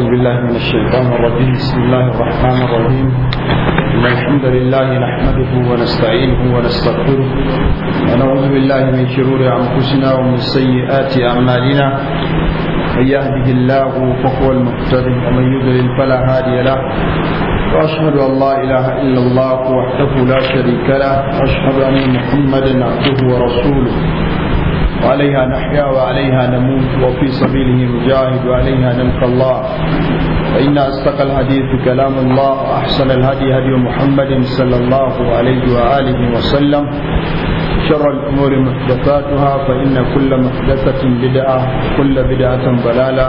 أعوذ بالله من الشيطان الرجيم بسم الله الرحمن الرحيم الحمد لله نحمده ونستعينه ونستغفره ونعوذ بالله من شرور أنفسنا ومن سيئات أعمالنا من يهده الله فهو المقتدى ومن يضلل فلا هادي له وأشهد أن لا إله إلا الله وحده لا شريك له وأشهد أن محمدا عبده ورسوله وعليها نحيا وعليها نموت وفي سبيله نجاهد وعليها نلقى الله فإن أصدق الحديث كلام الله وأحسن الهدي هدي محمد صلى الله عليه وآله وسلم شر الأمور محدثاتها فإن كل محدثة بدعة كل بدعة ضلالة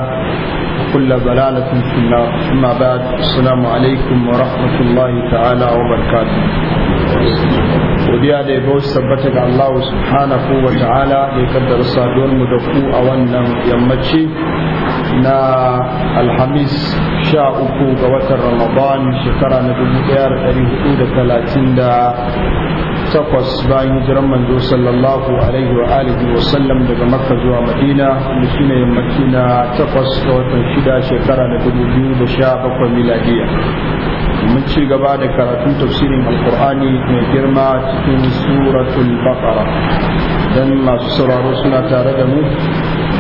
وكل ضلالة في النار أما بعد السلام عليكم ورحمة الله تعالى وبركاته godiya da yabo su tabbata ga Allah subhanahu wa ta'ala mai kaddara saduwar mu da ku a wannan yammaci na alhamis sha uku ga watan ramadan shekara na dubu ɗaya da ɗari hudu da talatin da takwas bayan hijiran manzo sallallahu alaihi wa alihi wa sallam daga makka zuwa madina da shi ne madina takwas ta watan shida shekara da dubu biyu da sha bakwai miladiya mun ci gaba da karatun tafsirin alkur'ani mai girma cikin suratul baqara dan masu sauraro suna tare da mu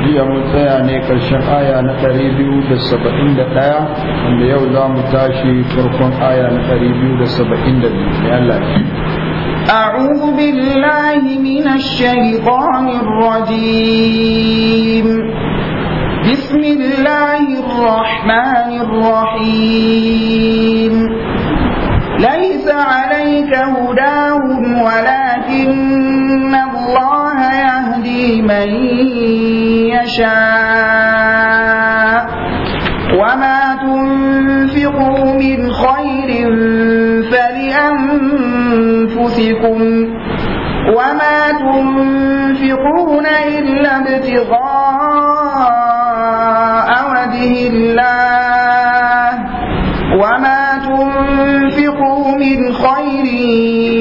jiya mun tsaya ne karshen aya na ɗari biyu da saba'in da ɗaya wanda yau za mu tashi farkon aya na ɗari biyu da saba'in da biyu أعوذ بالله من الشيطان الرجيم بسم الله الرحمن الرحيم ليس عليك هداهم ولكن الله يهدي من يشاء وما تنفقون إلا ابتغاء وجه الله وما تنفقوا من خير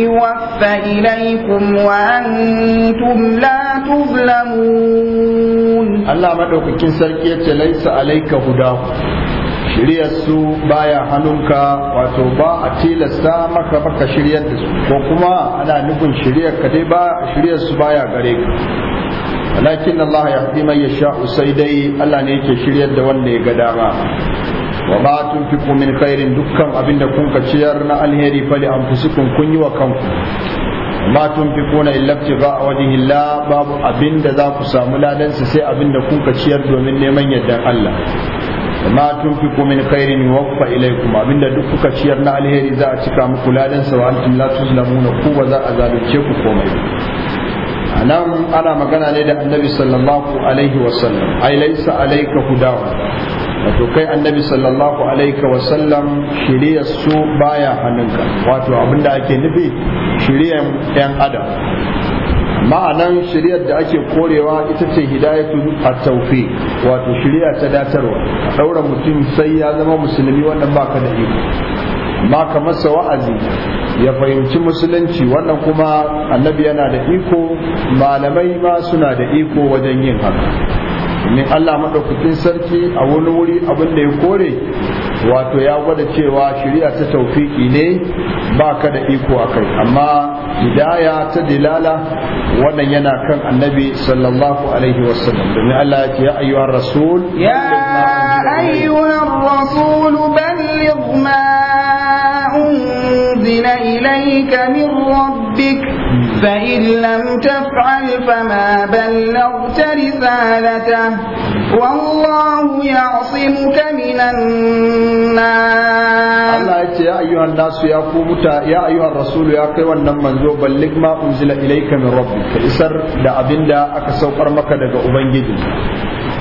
يوفى إليكم وأنتم لا تظلمون الله ما دوكين سركية ليس عليك هداه shiryarsu baya hannunka wato ba a tilasta maka baka shiryar da su ko kuma ana nufin shiryar ka dai ba shiryarsu baya gare ka walakin Allah ya hadi man yasha sai dai Allah ne yake shiryar da wanda ya ga dama wa tun fi min khairin dukkan abinda kun ka ciyar na alheri fali anfusukum kun yi wa kanku ma tunfiquna ba a wajhi illa babu abinda za ku samu ladansu sai abinda kun ka ciyar domin neman yardan Allah ma tunfiqu min khairin yuwaffa ilaykum abinda duk kuka ciyar na alheri za a cika muku ladan sa wa antum la tuzlamuna ku ba za a zalunce ku komai anan ana magana ne da annabi sallallahu alaihi wa sallam ai laysa alayka hudawa wato kai annabi sallallahu alaihi wa sallam shiriya su baya hannunka wato abinda ake nufi shiriyan yan adam ma'anan shirya da ake korewa ita ce hidayatu a taufi wato shirya ta datarwa ɗaura mutum sai ya zama musulmi wannan baka da iko ma ka masa wa'azi ya fahimci musulunci wannan kuma annabi yana da iko malamai ma suna da iko wajen yin haka ne Allah maɗaukakin sarki a wani wuri abin da ya kore wato ya gwada cewa shari'a ta taufiki ne ba ka da iko a kai amma hidaya ta dilala wannan yana kan annabi sallallahu alaihi wasallam domin Allah ya ce ya ayyuhar rasul ya ayyuhar rasul balligh ma unzila ilayka min rabbika فإن لم تفعل فما بلغت رسالته والله يعصمك من الناس الله يا أيها الناس يا قومتا يا أيها الرسول يا قوى النمان ذو بلغ ما أنزل إليك من ربك إسر دا أبن دا أكسو قرمك دا أبنجد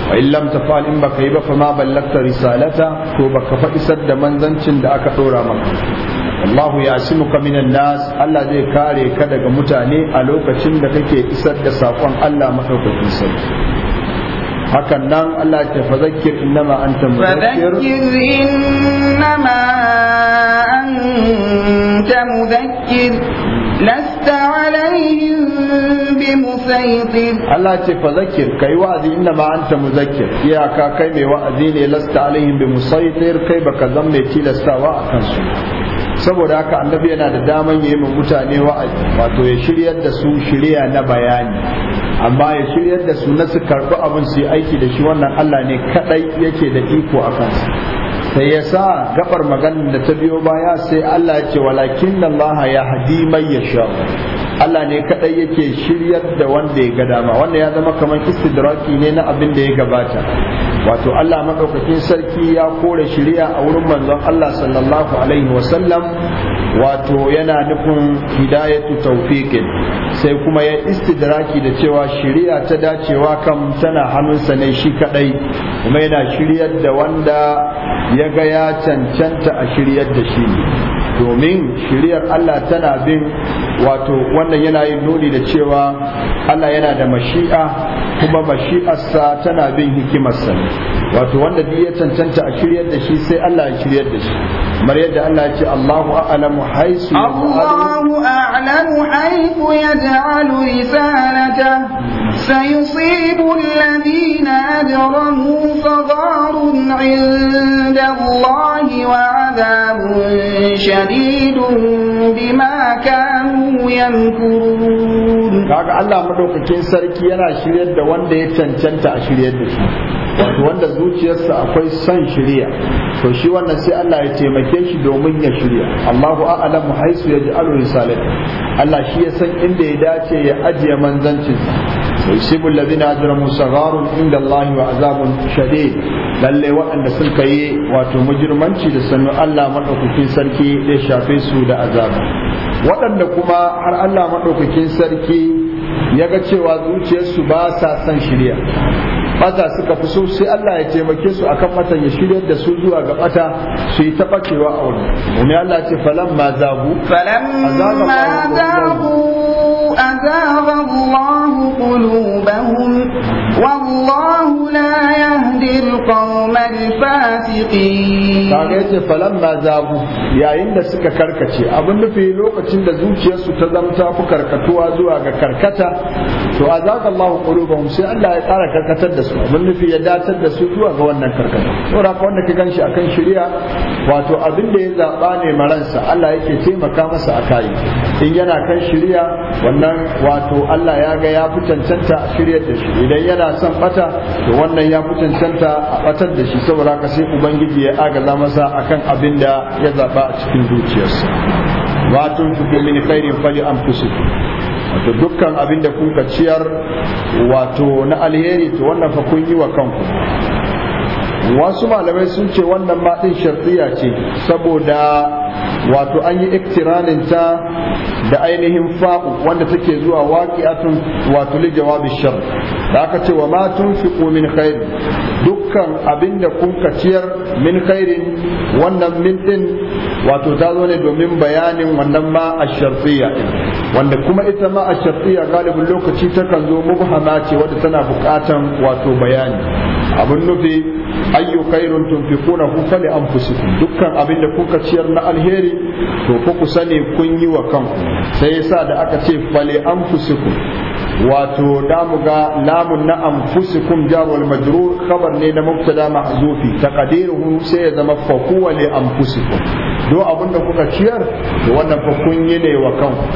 wa in lam tafal in baka yi ba fa ma ballagta risalata to baka fa isar da manzancin da aka ɗora maka Allahu ya asimuka minan nas Allah zai kare ka daga mutane a lokacin da kake isar da sakon Allah madaukakin sarki hakan nan Allah ce fa zakkir innama anta mudakkir innama anta mudakkir لست عليهم ce fa zakir kai wa'azi inna ma anta muzakkir iyaka kai mai wa'azi ne lasta alaihim sayar kai baka zan mai tilastawa a kansu saboda haka annabi yana da daman yayi min mutane wa'azi wato ya shiryar da su shirya na bayani amma ya shiryar da su na su karbi abin su yi aiki da shi wannan Allah ne kadai yake da iko a kansu sai ya sa gabar maganar da ta biyo baya sai Allah ya ce walakin Allah ya hadi mai yasha Allah ne kadai yake shiryar da wanda ya ga dama wanda ya zama kamar istidraki ne na abin da ya gabata wato Allah madaukakin sarki ya kore shiriya a wurin manzon Allah sallallahu alaihi wa sallam, wato yana nufin hidayatu tawfiqin sai kuma ya istidraki da cewa shiriya ta dacewa kam tana hannunsa ne shi kadai kuma yana shiryar da wanda ya ga ya cancanta a shiryar da shi domin shiryar Allah tana bin wato wannan yana yin nuni da cewa Allah yana da mashi'a kuma mashi'arsa tana bin hikimarsa ne wato wanda duk ya cancanta a shiryar da shi sai Allah ya shiryar da shi kamar yadda Allah ya ce Allahu a'lamu haisu Allahu a'lamu haythu yaj'alu فيصيب الذين أجرموا صغار kaga Allah madaukakin sarki yana shiryar da wanda ya cancanta a shiryar da shi wanda zuciyarsa akwai son shirya to shi wannan sai Allah ya taimake shi domin ya shirya Allahu a'lamu haisu yaj'alu risalati Allah shi ya san inda ya dace ya ajiye manzancinsa ويصيب الذين أجرموا صغار عند الله وعذاب شديد lalle waɗanda sun yi wato mujirmanci da sannu Allah maɗaukakin sarki ya shafe su da azabi waɗanda kuma har Allah maɗaukakin sarki ya ga cewa zuciyarsu ba sa son shirya bata suka fi so sai Allah ya taimake su akan matan ya shirya da su zuwa ga bata su yi ta bakewa a wani Allah ce falan ma zagu falan ma zagu فأزاغ الله قلوبهم والله لا يهدي القوم الفاسقين kage falamma zagu yayin da suka karkace abin nufi lokacin da zuciyarsu ta zamta ku karkatuwa zuwa ga karkata to azaqa Allahu qulubahum sai Allah ya tsara karkatar da su abin nufi ya datar da su zuwa ga wannan karkata saboda ka wanda ka ganshi akan shari'a wato abin da ya zaba ne maransa Allah yake taimaka masa a kai in yana kan shari'a wannan wato Allah ya ga ya fi cancanta a shiryar da shi idan yana son bata to wannan ya fi cancanta a batar da shi saboda ka sai ubangiji ya agaza masa akan abin da ya zaba a cikin zuciyarsa wato tuku mini khairin fali anfusikum wato dukkan abin da kuka ciyar wato na alheri to wannan fa kun yi wa kanku wasu malamai sun ce wannan ma din shartiya ce saboda wato an yi iktiranin ta da ainihin fa'u wanda take zuwa waqi'atun wato li jawabi shar da aka ce wa ma tunfiqu min khair dukkan abinda kun kaciyar min khairin wannan min din wato ta zo ne domin bayanin wannan ma ashartiya wanda kuma ita ma a ashartiya galibin lokaci takan zo mubhama ce wadda tana bukatan wato bayani abin nufi ayyu khairun tunfiqunahu fali anfusikum dukkan abinda kuka ciyar na alheri to fa ku sani kun yi wa kanku sai yasa da aka ce fali anfusikum wato da mu ga lamun na anfusikum jar majrur khabar ne na mubtada mahzufi taqdiruhu sai ya zama fa li anfusikum do abinda kuka ciyar to wannan fa kun yi ne wa kanku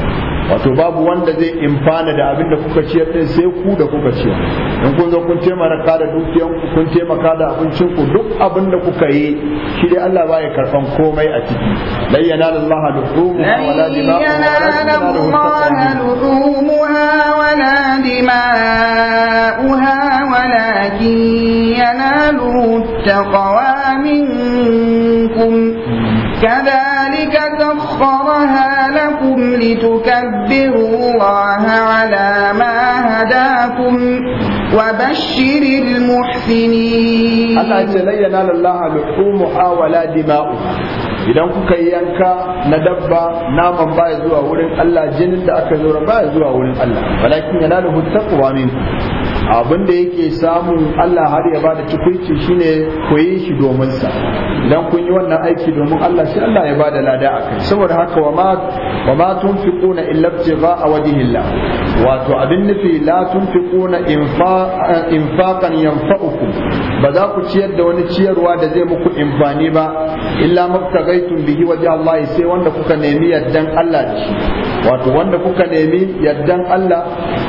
wato babu wanda zai imfana da abin da kuka ciyar din sai ku da kuka ciyar in kun zo kun taimaka da dukiyan ku kun taimaka da abincin ku duk abin da kuka yi shi dai Allah baya karfan komai a ciki la yanala Allah dima'uha wala dima'uha walakin yanalu taqwa لتكبروا الله على ما هداكم وبشر المحسنين الله نال الله لحوم ولا دماؤه idan kuka yi yanka na dabba naman baya zuwa wurin Allah jinin da aka zura baya zuwa wurin Allah walakin yana da taqwa min abin da yake samun Allah har ya bada tukunci shine koyi shi domin sa idan kun yi wannan aiki domin Allah shi Allah ya bada lada akai saboda haka wa ma wa ma tunfiquna illa ibtigha'a wajhillah wato abin nufi la tunfiquna infaqan yanfa'ukum ba za ku ciyar da wani ciyarwa da zai muku imfani ba illa mabtaga tun bihi waje Allah sai wanda kuka nemi yaddan Allah shi wato wanda kuka nemi yaddan Allah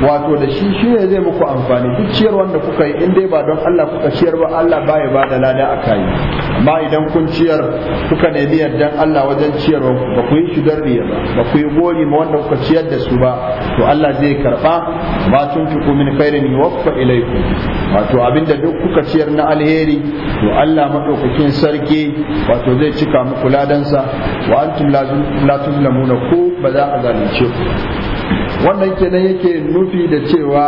wato da shi shi ne zai muku amfani duk ciyar wanda kuka yi in dai ba don Allah kuka ciyar ba Allah ba ya bada lada a kai amma idan kun ciyar kuka nemi yaddan Allah wajen ciyar ba ku yi shudar riya ba ba ku yi gori ma wanda kuka ciyar da su ba to Allah zai karba ba tun tuku min khairin yuwaffa ilaikum wato abinda duk kuka ciyar na alheri to Allah madaukakin sarki wato zai cika muku ladansa wa antum la tuzlamuna ko ba za a zalunce ku wannan kenan yake nufi da cewa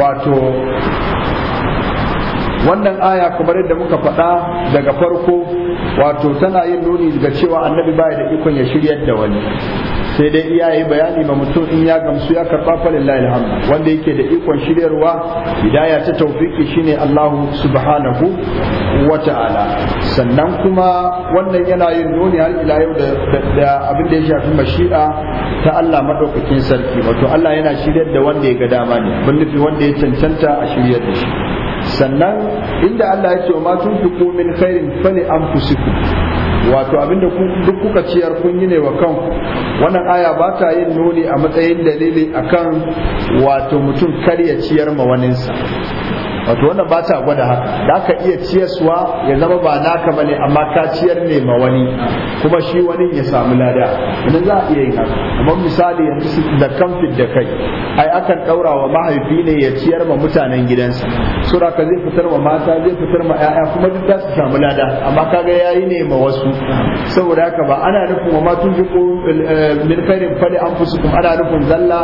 wato wannan aya kamar yadda muka faɗa daga farko wato tana yin nuni ga cewa annabi baya da ikon ya shiryar da wani sai dai iya iyaye bayani ma mutum in ya gamsu ya karɓa falin alhamdu wanda yake da ikon shiryarwa hidaya ta taufiki shine allahu subhanahu wa ta'ala sannan kuma wannan yana yin nuni har ila yau da abin da ya shafi mashi'a ta Allah madaukakin sarki wato Allah yana shiryar da wanda ya ga dama ne bin nufi wanda ya cancanta a shiryar da shi sannan inda Allah ya ce wa ma tunfiqu min khairin fali anfusikum wato abinda duk kuka ciyar kun yi ne wa kan wannan aya ba ta yin nuni a matsayin dalili akan wato mutum kar ya ciyar ma waninsa wato wannan ba ta gwada haka da ka iya ciyaswa ya zama ba naka bane amma ka ciyar ne ma wani kuma shi wani ya samu lada idan za a iya yin haka amma misali yanzu da kamfin da kai ai akan daura wa mahaifi ne ya ciyar ma mutanen gidansa sura ka zai fitar ma mata zai fitar ma ƴaƴa kuma duk za su samu lada amma kaga yayi ne ma wasu saboda haka ba ana nufin wa matun jiko eh, min khairin fali anfusukum ana nufin zalla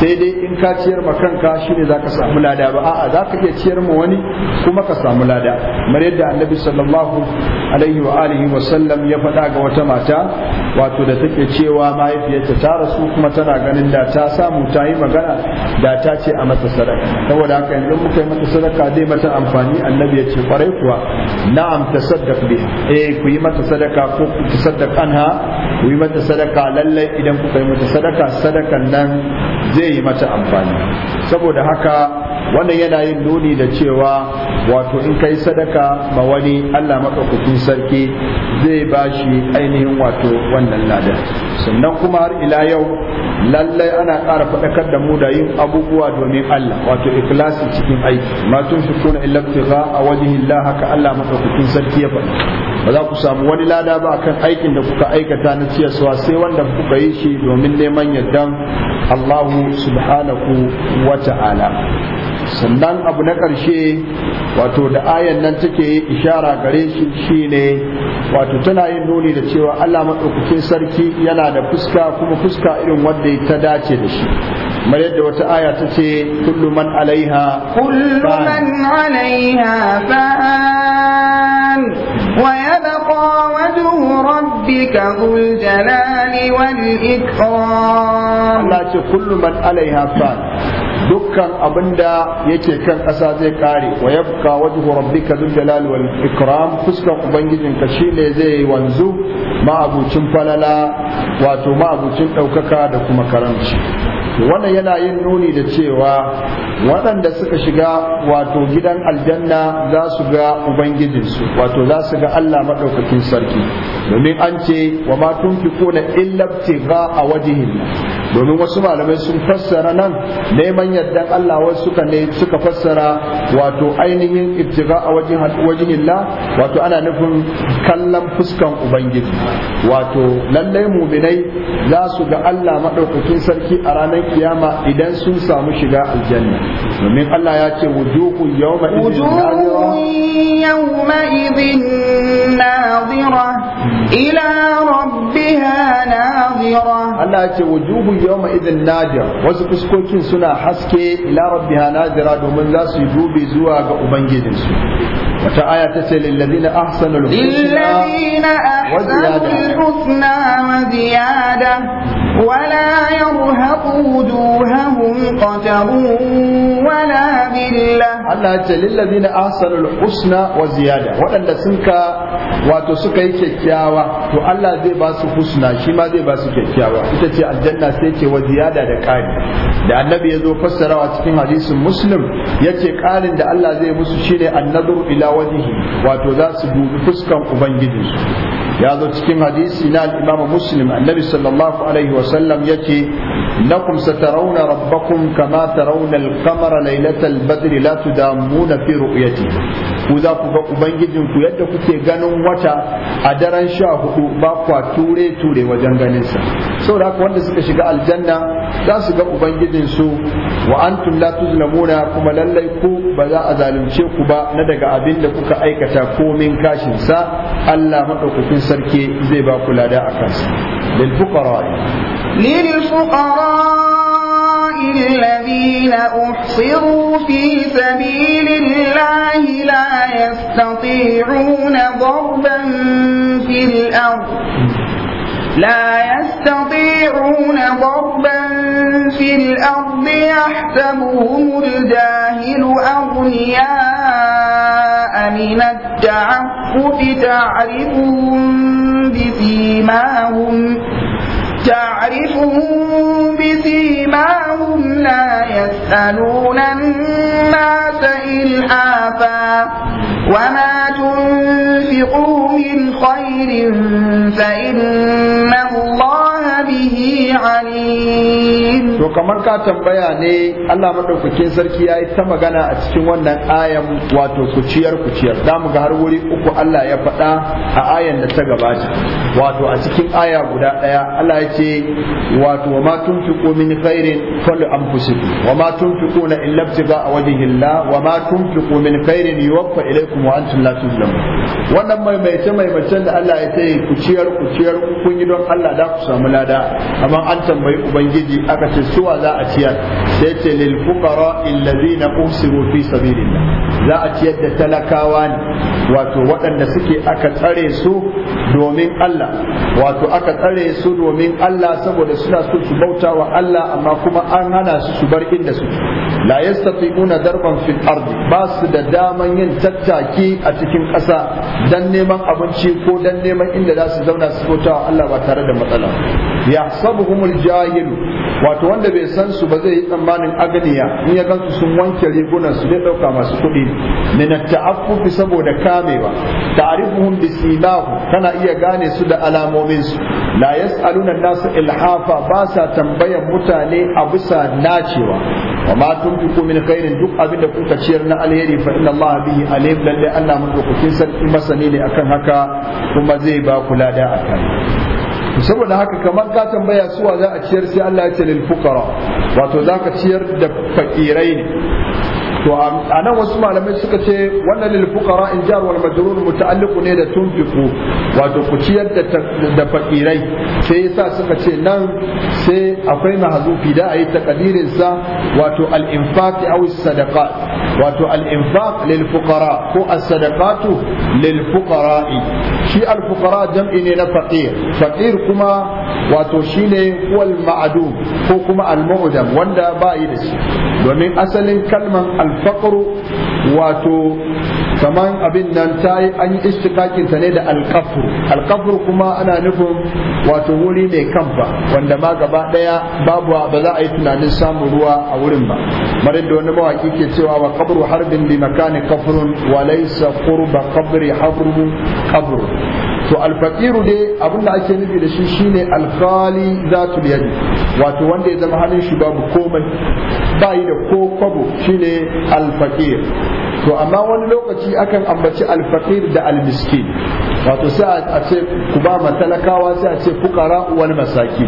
sai dai in ka ciyar ma kanka shine zaka samu lada ba a'a zaka iya ciyar ma wani kuma ka samu lada kamar yadda annabi sallallahu alaihi wa alihi wa sallam ya faɗa ga wata mata wato da take cewa mahaifiyarta ta rasu kuma tana ganin da ta samu ta yi magana da ta ce a mata sadaka saboda haka yanzu muka yi mata sadaka zai mata amfani annabi ya ce kwarai kuwa na'am tasaddaq bi eh ku yi mata sadaka ko ku tasaddaq anha ku yi mata sadaka lallai idan ku kai mata sadaka sadakan nan zai yi mata amfani saboda haka wannan yana yin nuni da cewa wato in kai sadaka ma wani Allah maɗaukakin sarki zai ba shi ainihin wato wannan ladan sannan kuma har ila yau lallai ana ƙara faɗakar da mu da yin abubuwa domin Allah wato ikhlasi cikin aiki ma shi illa ibtigha a wajhi Allah haka Allah maɗaukakin sarki ya faɗi ba za ku samu wani lada ba akan aikin da kuka aikata na ciyarwa sai wanda kuka yi shi domin neman yardan Allahu subhanahu wa ta'ala sannan abu na ƙarshe wato da ayan nan take ishara gare shi shine wato tana yin nuni da cewa Allah maɗaukakin sarki yana da fuska kuma fuska irin wanda ta dace da shi kamar yadda wata aya ta ce kullu man alaiha kullu man alaiha fan wa yabqa wajhu rabbika dhul jalali wal ikram Allah ce kullu man alaiha fan dukkan abinda da yake kan ƙasa zai kare wa yabqa wajhu rabbika dhul jalali wal ikram fuskan ubangijin ka ne zai yi wanzu ma'abucin falala wato ma'abucin ɗaukaka da kuma karamci. wannan yana yin nuni da cewa waɗanda suka shiga wato gidan aljanna za su ga ubangijinsu wato za su ga Allah maɗaukakin sarki domin an ce wa ma tun kona illa ga a wajihin domin wasu malamai sun fassara nan neman yardan Allah wasu suka ne suka fassara wato ainihin ittiga a wajihin wato ana nufin kallon fuskan ubangiji wato lallai muminai za su ga Allah maɗaukakin sarki a ranar ranar kiyama idan sun samu shiga aljanna domin Allah ya ce wujuhu yawma idhin nadira ila rabbiha nadira Allah ya ce wujuhu yawma idhin nadira wasu fuskokin suna haske ila rabbiha nadira domin za su yi zuwa ga ubangijinsu wata aya ta ce lillazina ahsanul husna wa ziyada ولا يرهق وجوههم قتر ولا ذلة Allah ce lillazina ahsanul husna wa ziyada waɗanda wato suka yi kyakkyawa to Allah zai ba su husna shi ma zai ba su kyakkyawa ita ce aljanna sai ke wa da ƙari da annabi ya zo fassarawa cikin hadisin muslim ya ce ƙarin da Allah zai musu shine annadu ila wajihi wato za su dubi fuskan ubangijinsu ya zo cikin hadisi na al-imamu muslim annabi sallallahu alaihi wa wasallam yake lakum satarawna rabbakum kama tarawna al-qamara laylatal badri la tudamuna fi ru'yati ku za ku ga ubangijin ku yadda kuke ganin wata a daren sha hudu ba kwa ture ture wajen ganin sa saboda haka wanda suka shiga aljanna za su ga ubangijinsu wa an la tuzlamuna kuma lallai ku ba za a zalunce ku ba na daga abin da kuka aikata komin kashin sa Allah madaukakin sarki zai ba ku lada a kansa lil fuqara lil fuqara الذين أحصروا في سبيل الله لا يستطيعون ضربا في الأرض لا يستطيعون ضربا في الأرض يحسبهم الجاهل أغنياء من التعفف تعرفهم بسيماهم تعرفهم بسيماهم لا يسألون الناس إلحافا وما تنفقوا من خير فإن الله به عليم kamar ka tambaya ne Allah madaukakin sarki ya yi ta magana a cikin wannan ayan wato kuciyar kuciyar da mu ga har wuri uku Allah ya faɗa a ayan da ta gabata wato a cikin aya guda ɗaya Allah ya ce wato wa ma tunfiqu min khairin falu anfusikum wa ma tunfiquna illa ibtiga wajhi Allah wa ma tunfiqu min khairin yuwaffa ilaykum wa antum la tuzlamun wannan mai mai mai macen da Allah ya ce kuciyar kuciyar kun yi don Allah da ku samu lada amma an tambayi ubangiji aka ce suwa za a ciyar sai ce lil fuqara alladhina usiru fi sabilillah za a ciyar da talakawa ne wato waɗanda suke aka tsare su domin Allah wato aka tsare su domin Allah saboda suna so su bauta wa Allah amma kuma an hana su su bar inda suke la yastati'una darban fil ard ba su da daman yin tattaki a cikin ƙasa dan neman abinci ko dan neman inda za su zauna su bauta Allah ba tare da matsala yahsabuhumul jahil wato wanda bai san su ba zai yi tsammanin aganiya in ya gansu sun wanke rigunan su zai dauka masu kuɗi ne na ta'affufi saboda kamewa ta'rifuhum bi simahu kana iya gane su da alamomin su la yas'aluna nasu ilhafa ba sa tambayan mutane a bisa nacewa wa ma tunfiqu min khairin duk abinda kuka ciyar na alheri fa inna Allah bihi alim lalle Allah mun dokokin sarki masani ne akan haka kuma zai ba ku lada akan saboda haka kamar ka tambaya suwa za a ciyar sai Allah ya ce lil fuqara wato zaka ciyar da fakirai ne to a nan wasu malamai suka ce wannan lil fuqara in jar wal majrur muta'alliqu ne da tunfiqu wato ku ciyar da da fakirai sai yasa suka ce nan sai akwai mahzufi da ayi takdirin sa wato al infaq aw sadaqat wato al-infaq lil ko as-sadaqatu lil fuqara shi al jam'i ne na faqir faqir kuma wato shine wal ma'dum ko kuma al wanda ba yi da shi domin asalin kalman al-faqru wato kaman abin nan ta yi an yi istikakin ta ne da alkafur alkafur kuma ana nufin wato wuri mai kamfa wanda ma gaba ɗaya babu ba za a yi tunanin samun ruwa a wurin ba marar da wani mawaki ke cewa wa kabru harbin bi makani kafrun wa laysa qurba qabri habrun qabr to alfaqiru dai abinda ake nufi da shi shine alkhali zatul yadi wato wanda ya zama halin shi babu komai bayi da ko kwabo shine alfaqir to amma wani lokaci akan ambaci alfaqir da almiskin wato sai a ce ku ba ma talakawa sai a ce fukara wal masaki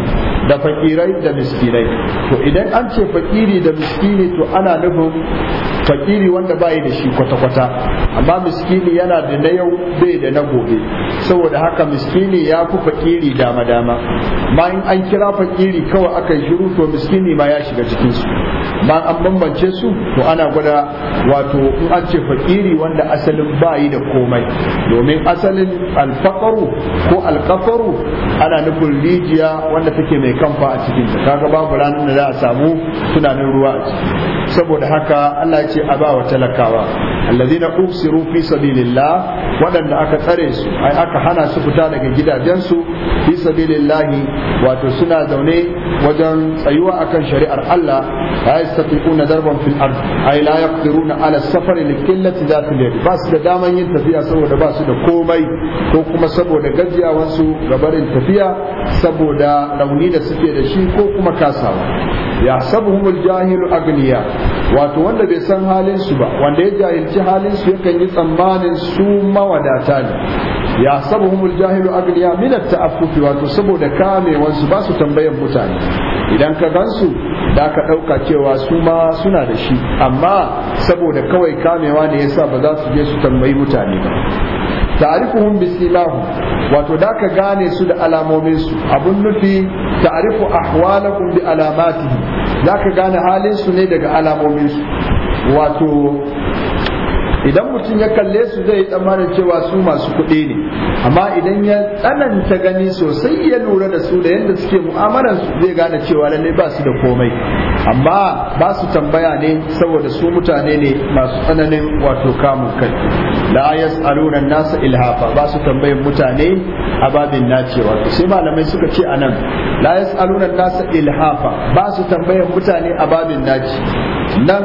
da fakirai da miskinai to idan an ce fakiri da miskini to ana nufin fakiri wanda bai da shi kwata-kwata amma miskini yana da na yau bai da na gobe saboda haka miskini ya fi fakiri dama-dama ma in an kira fakiri kawai aka yi shiru to miskini ma ya shiga cikinsu ba an bambance su to ana gwada wato in an ce fakiri wanda asalin bayi da komai domin asalin alfakaru ko alkafaru ana nufin rijiya wanda take mai kamfa a cikin ta kaga babu ranar da za a samu tunanin ruwa saboda haka Allah ya ce a ba talakawa allazina usiru fi sabilillah waɗanda aka tsare su ai aka hana su fita daga gidajensu fi sabilillah wato suna zaune wajen tsayuwa akan shari'ar Allah la yastatiquna darban fil ard ai la yaqdiruna ala safari li qillati su da daman yin tafiya saboda ba su da komai ko kuma saboda gajiyawansu gabarin tafiya saboda launi da suke da shi ko kuma kasawa ya sabuhumul jahilu agniya wato wanda bai san halin su ba wanda ya jahilci halin su yakan yi tsammanin su mawadata ne ya sabu humul jahilu agniya min at-ta'affufi wato saboda kame su ba su tambayan mutane idan ka gansu da ka dauka cewa su ma suna da shi amma saboda kawai kamewa ne yasa ba za su je su tambayi mutane ba ta'rifuhum bisimahu wato da ka gane su da alamomin su abun nufi ta'rifu ahwalakum bi alamatihi za ka gane su ne daga alamominsu wato idan mutum ya kalle su zai tsammanin cewa su masu kuɗi ne amma idan ya tsananta gani sosai ya lura da su da yadda suke mu'amalar su zai gane cewa lallai ba su da komai amma ba su tambaya ne saboda su mutane ne masu tsananin wato kamun kai la yas'aluna an nasa ilhafa ba su tambayin mutane a babin nacewa sai malamai suka ce anan la yas'aluna an nasa ilhafa ba su tambayin mutane a babin naci nan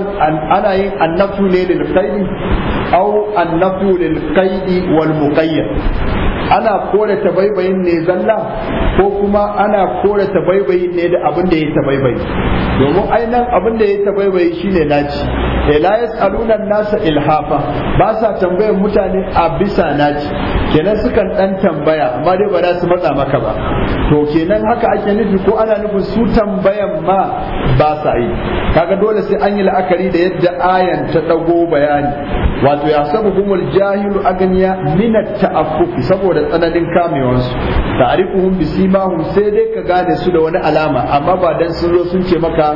ana yin annafu ne lil qaidi aw annafu lil qaidi wal muqayyad ana kore tabaibayin ne zalla ko kuma ana kore tabaibayin ne da abin da ya tabaibayi domin ainihin abin da ya tabaibayi shine naci eh, la yas'aluna an nasa ilhafa ba sa tambayin tambayar mutane a bisa naci kenan sukan dan tambaya amma dai ba za su matsa maka ba to kenan haka ake nufi ko ana nufin su tambayan ma ba sa yi kaga dole sai an yi la'akari da yadda ayan ta dago bayani wato ya sabu humul jahilu aganiya minat ta'affufi saboda tsananin kamewansu ta'rifuhum bisimahum sai dai ka gane su da wani alama amma ba dan sun zo sun ce maka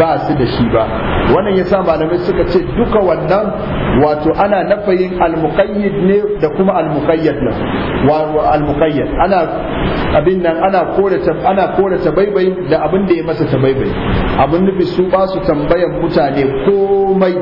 ba su da shi ba wannan yasa malamai suka ce duka wannan wato ana nafayin al-muqayyid ne da kuma al-muqayyad nan wa al-muqayyad ana abin nan ana kore ta ana kore ta baibai da abin da ya masa ta baibai abin nufi su ba su tambayan mutane komai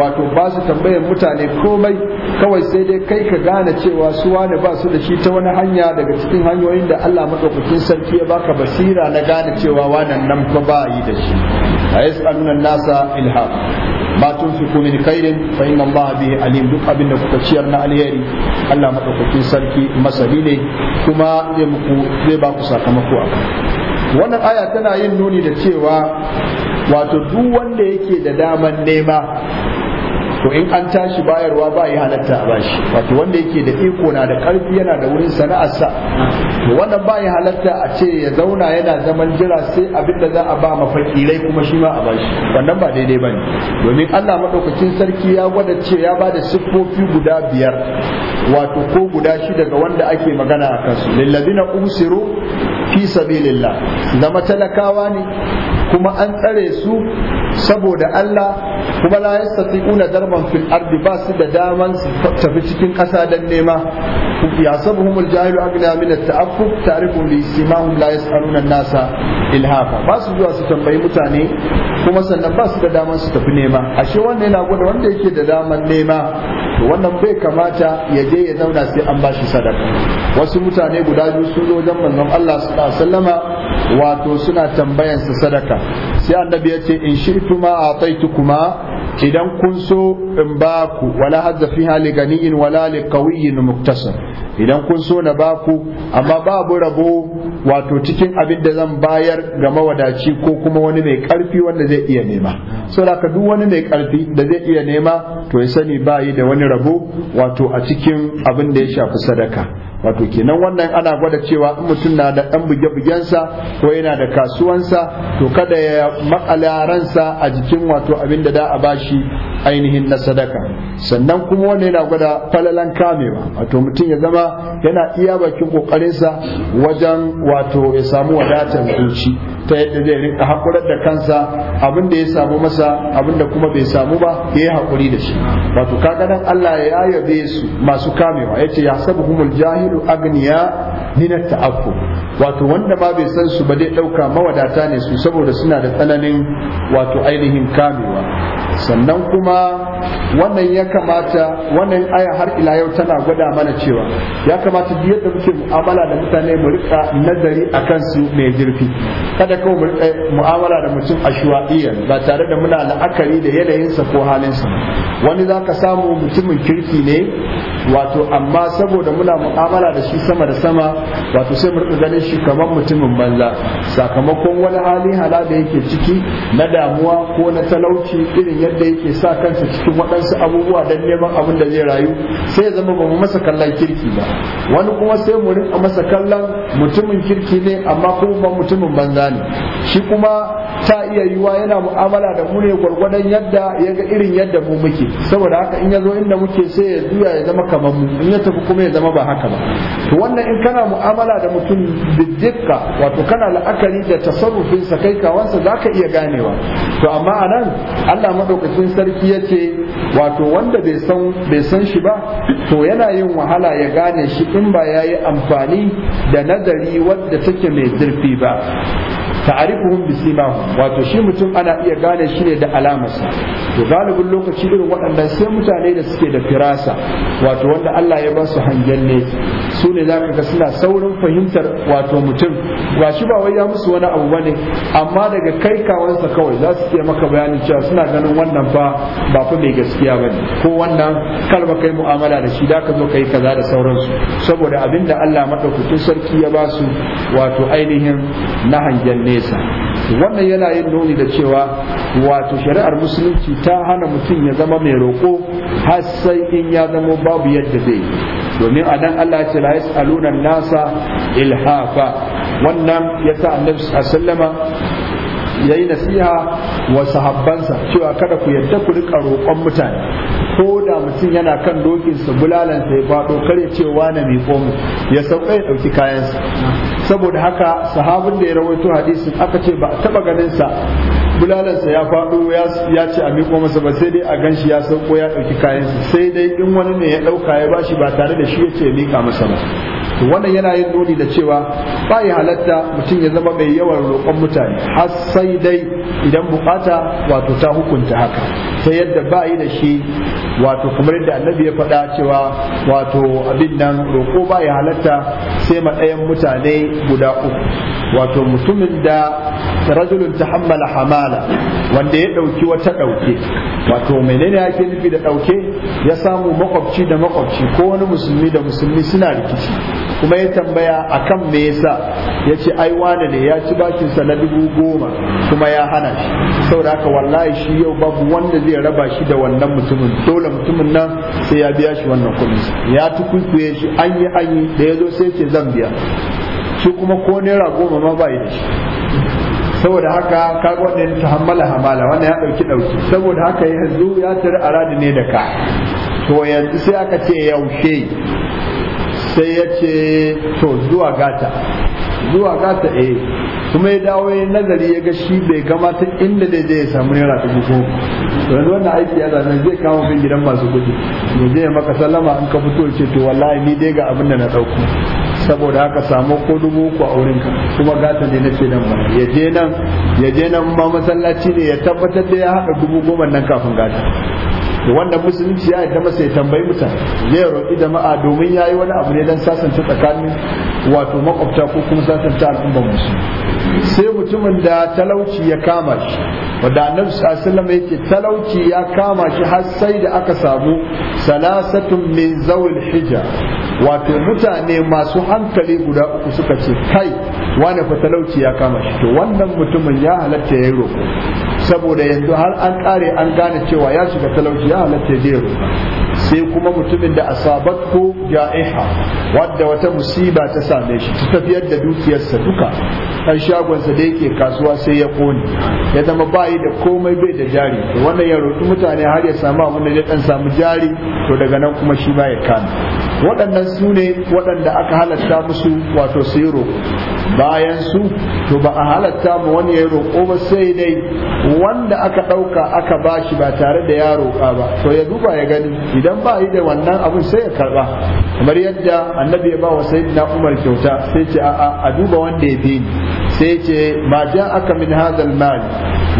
wato ba su tambayan mutane komai kawai sai dai kai ka gane cewa su wani ba su da shi ta wani hanya daga cikin hanyoyin da Allah madaukakin sarki ya baka basira na gane cewa wannan nan ba yi da shi a yas'aluna nasa ilham ba tunfiqu min khairin fa inna Allah bihi alim duk abin da kuka ciyar na alheri Allah madaukakin sarki masali ne kuma zai muku zai ba ku sakamako a wannan aya tana yin nuni da cewa wato duk wanda yake da daman nema to in an tashi bayarwa ba yi halatta a bashi wato wanda yake da iko na da karfi yana da wurin sa to wannan ba yi halatta a ce ya zauna yana zaman jira sai abinda za a ba mafakirai kuma shi ma a bashi wannan ba daidai bane domin Allah madaukakin sarki ya gwada ce ya ba da siffofi guda biyar wato ko guda shi daga wanda ake magana a kansu lillazina usiru fi sabilillah zama talakawa ne kuma an tsare su saboda Allah kuma la una darban fil ardi ba su da daman su tafi cikin ƙasa dan nema ya sabuhumul jahilu agna min at-ta'affuf ta'rifu li simahum la yas'aluna an-nasa ilhafa ba su zuwa su tambayi mutane kuma sannan ba su da daman su tafi nema ashe wanda yana gwada wanda yake da daman nema to wannan bai kamata ya je ya zauna sai an bashi sadaka wasu mutane guda biyu sun zo wajen manzon Allah sallallahu alaihi wasallama wato suna tambayan sa sadaka sai annabi ya ce in shi shi'tuma ataitukuma idan kun so in ba ku wala hadda fi hali ganiyin wala li qawiyyin muktasar idan kun so na ba ku amma babu rabo wato cikin abin da zan bayar ga mawadaci ko kuma wani mai karfi wanda zai iya nema saboda ka duk wani mai karfi da zai iya nema to ya sani bayi da wani rabo wato a cikin abin da ya shafi sadaka wato kenan wannan ana gwada cewa in mutum na da ɗan buge-bugensa ko yana da kasuwansa to kada ya makala ransa a jikin wato abin da da a bashi ainihin na sadaka sannan kuma wanda yana gwada falalan kamewa wato mutum ya zama yana iya bakin kokarinsa wajen wato ya samu wadatar zuci ta yadda zai rinka hakurar da kansa abin da ya samu masa abin da kuma bai samu ba ya yi hakuri da shi wato kaga dan Allah ya yabe su masu kamewa yace ya sabu humul jahil ghairu agniya min at-ta'affuf wato wanda ma bai san su ba dai dauka mawadata ne su saboda suna da tsananin wato ainihin kamewa sannan kuma wannan ya kamata wannan aya har ila yau tana gwada mana cewa ya kamata duk yadda muke mu'amala da mutane mu rika nazari akan su mai zurfi kada kawai mu rika mu'amala da mutum ashwa'iyan ba tare da muna la'akari da yanayinsa ko halinsa wani zaka samu mutumin kirki ne wato amma saboda muna mu'amala da shi sama da sama wato sai mu ganin shi kamar mutumin banza sakamakon wani hali hala da yake ciki na damuwa ko na talauci irin yadda yake sa kansa cikin waɗansu abubuwa don neman abin da zai rayu sai ya zama ba mu masa kallon kirki ba wani kuma sai mu rinka masa kallon mutumin kirki ne amma kuma mutumin banza ne shi kuma ta iya yiwa yana mu'amala da mu ne gwargwadon yadda ya ga irin yadda mu muke saboda haka in ya zo inda muke sai ya juya ya zama kamar mu in ya tafi kuma ya zama ba haka ba to wannan in kana mu'amala da mutum diddigka wato kana la'akari da tasarrufin sa kai kawansa zaka iya ganewa to amma anan Allah madaukakin sarki yace wato wanda bai san bai san shi ba to yana yin wahala ya gane shi in ba ya yi amfani da nazari wadda take mai zurfi ba ta'arifuhum bisimahum wato shi mutum ana iya gane shi ne da alamarsa to galibin lokaci irin waɗannan sai mutane da suke da firasa wato wanda Allah ya ba su hangen ne su ne za ka ga suna saurin fahimtar wato mutum ba shi ba wai ya musu wani abu bane amma daga kai kawansa kawai za su iya maka bayanin cewa suna ganin wannan fa ba fa mai gaskiya gaskiya bane ko wannan kalma kai mu'amala da shi da ka zo kai kaza da sauransu saboda abin da Allah madaukakin sarki ya ba su wato ainihin na hangen nesa wannan yana yin nuni da cewa wato shari'ar musulunci ta hana mutum ya zama mai roƙo har sai in ya zama babu yadda zai domin a nan Allah ya ce la yas'aluna nasa ilhafa wannan yasa annabi sallama yayi nasiha wa sahabbansa cewa kada ku yadda ku rika roƙon mutane ko da mutum yana kan dokin sa bulalan ya fado kare cewa na mai komo ya sauka ya ɗauki kayansa saboda haka sahabin da ya rawaito hadisin aka ce ba a taɓa ganin sa bulalansa ya faɗo ya ce a miƙo masa ba sai dai a ganshi ya sauko ya ɗauki kayansa sai dai in wani ne ya ɗauka ya bashi ba tare da shi ya ce miƙa masa ba to wannan yana yin nuni da cewa ba ya halatta mutum ya zama mai yawan roƙon mutane har sai dai idan bukata wato ta hukunta haka ta yadda ba yi da shi wato kamar yadda annabi ya faɗa cewa wato abin nan roƙo ba ya halatta sai matsayin mutane guda uku wato mutumin da rajulun hammala hamala wanda ya ɗauki wata ɗauke wato menene ake nufi da ɗauke ya samu makwabci da makwabci ko wani musulmi da musulmi suna rikici kuma ya tambaya a kan me yasa ya ce ai wane ne ya ci bakin sa na dubu goma kuma ya hana shi saboda haka wallahi shi yau babu wanda zai raba shi da wannan mutumin dole mutumin nan sai ya biya shi wannan kuɗi ya tukuye shi an yi an yi da ya zo sai ce zan biya shi kuma ko naira goma ma ba da shi saboda haka ka wannan ta hammala hamala wannan ya ɗauki ɗauki. saboda haka yanzu ya tare aradi ne da ka to yanzu sai aka ce yaushe sai ya ce to zuwa gata zuwa gata eh kuma ya dawo ya nazari ya ga shi bai gama ta inda daidai zai samu naira ta goma to yanzu wannan aiki ya zama zai kama bin gidan masu gudu ne zai maka sallama an ka fito ce to wallahi ni dai ga abin da na ɗauko saboda haka samu ko dubu ko a ka kuma gatan ne nake nan ba ya je nan ya je nan ma masallaci ne ya tabbatar da ya haɗa dubu goma nan kafin gata wanda musulunci ya yadda masa ya tambayi mutane zai roƙi jama'a domin ya yi wani abu ne don sasanta tsakanin wato makwabta ko kuma sasanta al'ummar musulmi sai mutumin da talauci ya kama shi wanda annabi sallallahu yake talauci ya kama shi har sai da aka samu salasatun min zawil hijja wato mutane masu hankali guda uku suka ce kai wane fatalauci ya kama shi to wannan mutumin ya halatta ya yi roƙo saboda yanzu har an ƙare an gane cewa ya shiga talauci ya halatta ya je roƙo sai kuma mutumin da ko ja'iha wadda wata musiba ta same shi ta tafiyar da dukiyarsa duka ɗan shagonsa da yake kasuwa sai ya kone ya zama bayi da komai bai da jari to wannan ya roƙi mutane har ya samu abin da ya ɗan samu jari to daga nan kuma shi ba ya kame waɗannan su ne waɗanda aka halatta musu wato siro bayan su to ba a halatta mu wani ya roƙo ba sai dai wanda aka ɗauka aka bashi ba tare da ya ba to ya duba ya gani idan idan ba yi da wannan abin sai ya karba kamar yadda annabi ya ba wa sayyidina umar kyauta sai ce a'a a duba wanda ya bi sai ce ma aka min hadal mal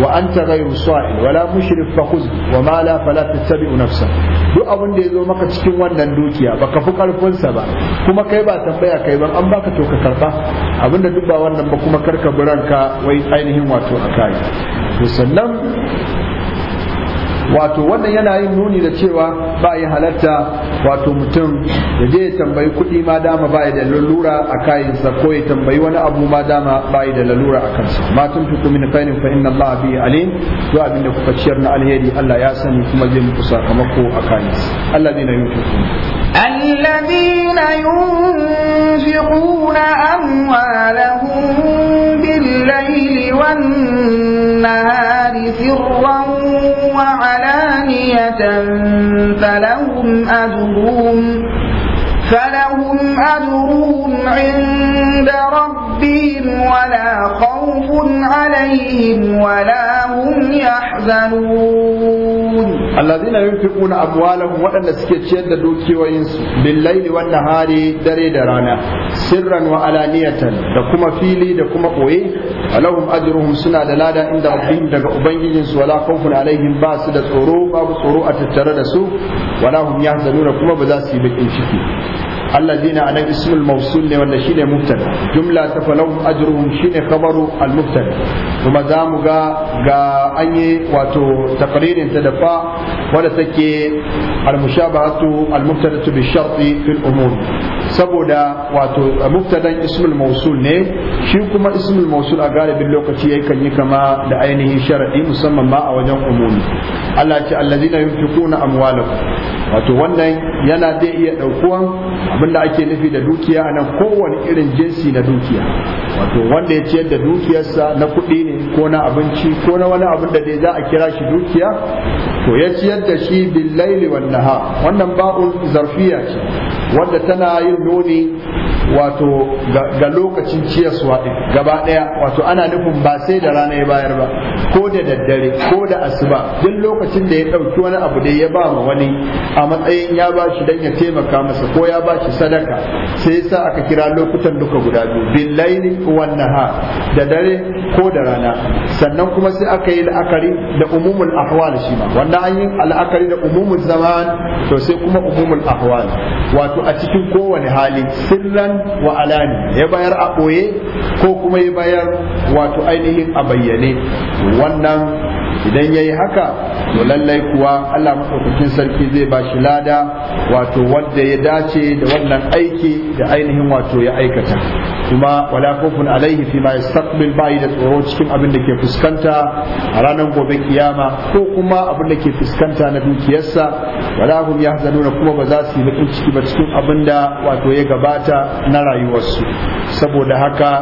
wa anta ghayru sa'il wala mushrif fa khudh wa ma la fala tattabi'u nafsa duk abin da ya zo maka cikin wannan dukiya baka fi karfin sa ba kuma kai ba tambaya kai ba an baka to ka karba abinda duk ba wannan ba kuma karka buranka wai ainihin wato akai to sannan wato wannan yana yin nuni da cewa ba ya halatta wato mutum da je tambayi kuɗi ma dama ba da lalura a kayansa ko ya tambayi wani abu ma dama ba da lalura a kansa ma tun tuku min kainin fa inna allaha bi alim to abinda kuka ciyar na alheri Allah ya sani kuma zai muku sakamako a kayansa Allah zai na yi mutum الذين ينفقون أموالهم بالليل والنهار سرا وعلانية فلهم أجرهم فلهم أجرهم عند ربهم ولا خوف عليهم ولا هم يحزنون allazina yunfiquna amwalahum waɗanda suke ciyar da dukiyoyin su billaili wan nahari dare da rana sirran wa alaniyatan da kuma fili da kuma boye alahum ajruhum suna da lada inda rabbihim daga ubangijin su wala khawfun alaihim ba su da tsoro babu tsoro a tattare da su wala hum yahzanuna kuma ba za su yi bakin ciki allazina anan ismul mawsul ne wanda shine mubtada jumla ta falau ajruhum shine khabaru al mubtada kuma za mu ga ga an yi wato taqririn ta da fa wanda take al mushabahatu al mubtada bi sharti fil umur saboda wato mubtadan ismul mawsul ne shi kuma ismul mawsul a galibin lokaci kan yi kama da ainihin sharadi musamman ma a wajen umumi Allah ce allazina yunfiquna amwalakum wato wannan yana da iya daukuwan abinda ake nufi da dukiya a nan kowane irin jinsi na dukiya wato wanda ya ciyar da dukiyarsa na kuɗi ne ko na abinci ko na wani abin da dai za a kira shi dukiya to ya ciyar da shi bin laili wannan ba'un zarfiya ce wanda tana yin nuni wato ga lokacin ciyaswa ɗin gaba ɗaya wato ana nufin ba sai da rana ya bayar ba ko da daddare ko da asuba duk lokacin da ya ɗauki wani abu da ya ba ma wani a matsayin ya ba shi don ya taimaka masa ko ya ba shi sadaka sai sa aka kira lokutan duka guda biyu bin laini wannan ha da dare ko da rana sannan kuma sai aka yi la'akari da umumul ahwal shi ma wannan an yi la'akari da umumul zaman to sai kuma umumul ahwal wato a cikin kowane hali sirran Wa'ala wa alani ya bayar a ɓoye ko kuma ya bayar wato ainihin a bayyane wannan idan ya yi haka to lallai kuwa Allah madaukakin sarki zai ba shi lada wato wanda ya dace da wannan aiki da ainihin wato ya aikata kuma wala kofin alaihi fi ma yastaqbil bai da tsoro cikin abin da ke fuskanta a ranar gobe kiyama ko kuma abin da ke fuskanta na dukiyarsa wala hum yahzanuna kuma ba za su yi bakin ciki ba cikin abin da wato ya gabata na rayuwarsu saboda haka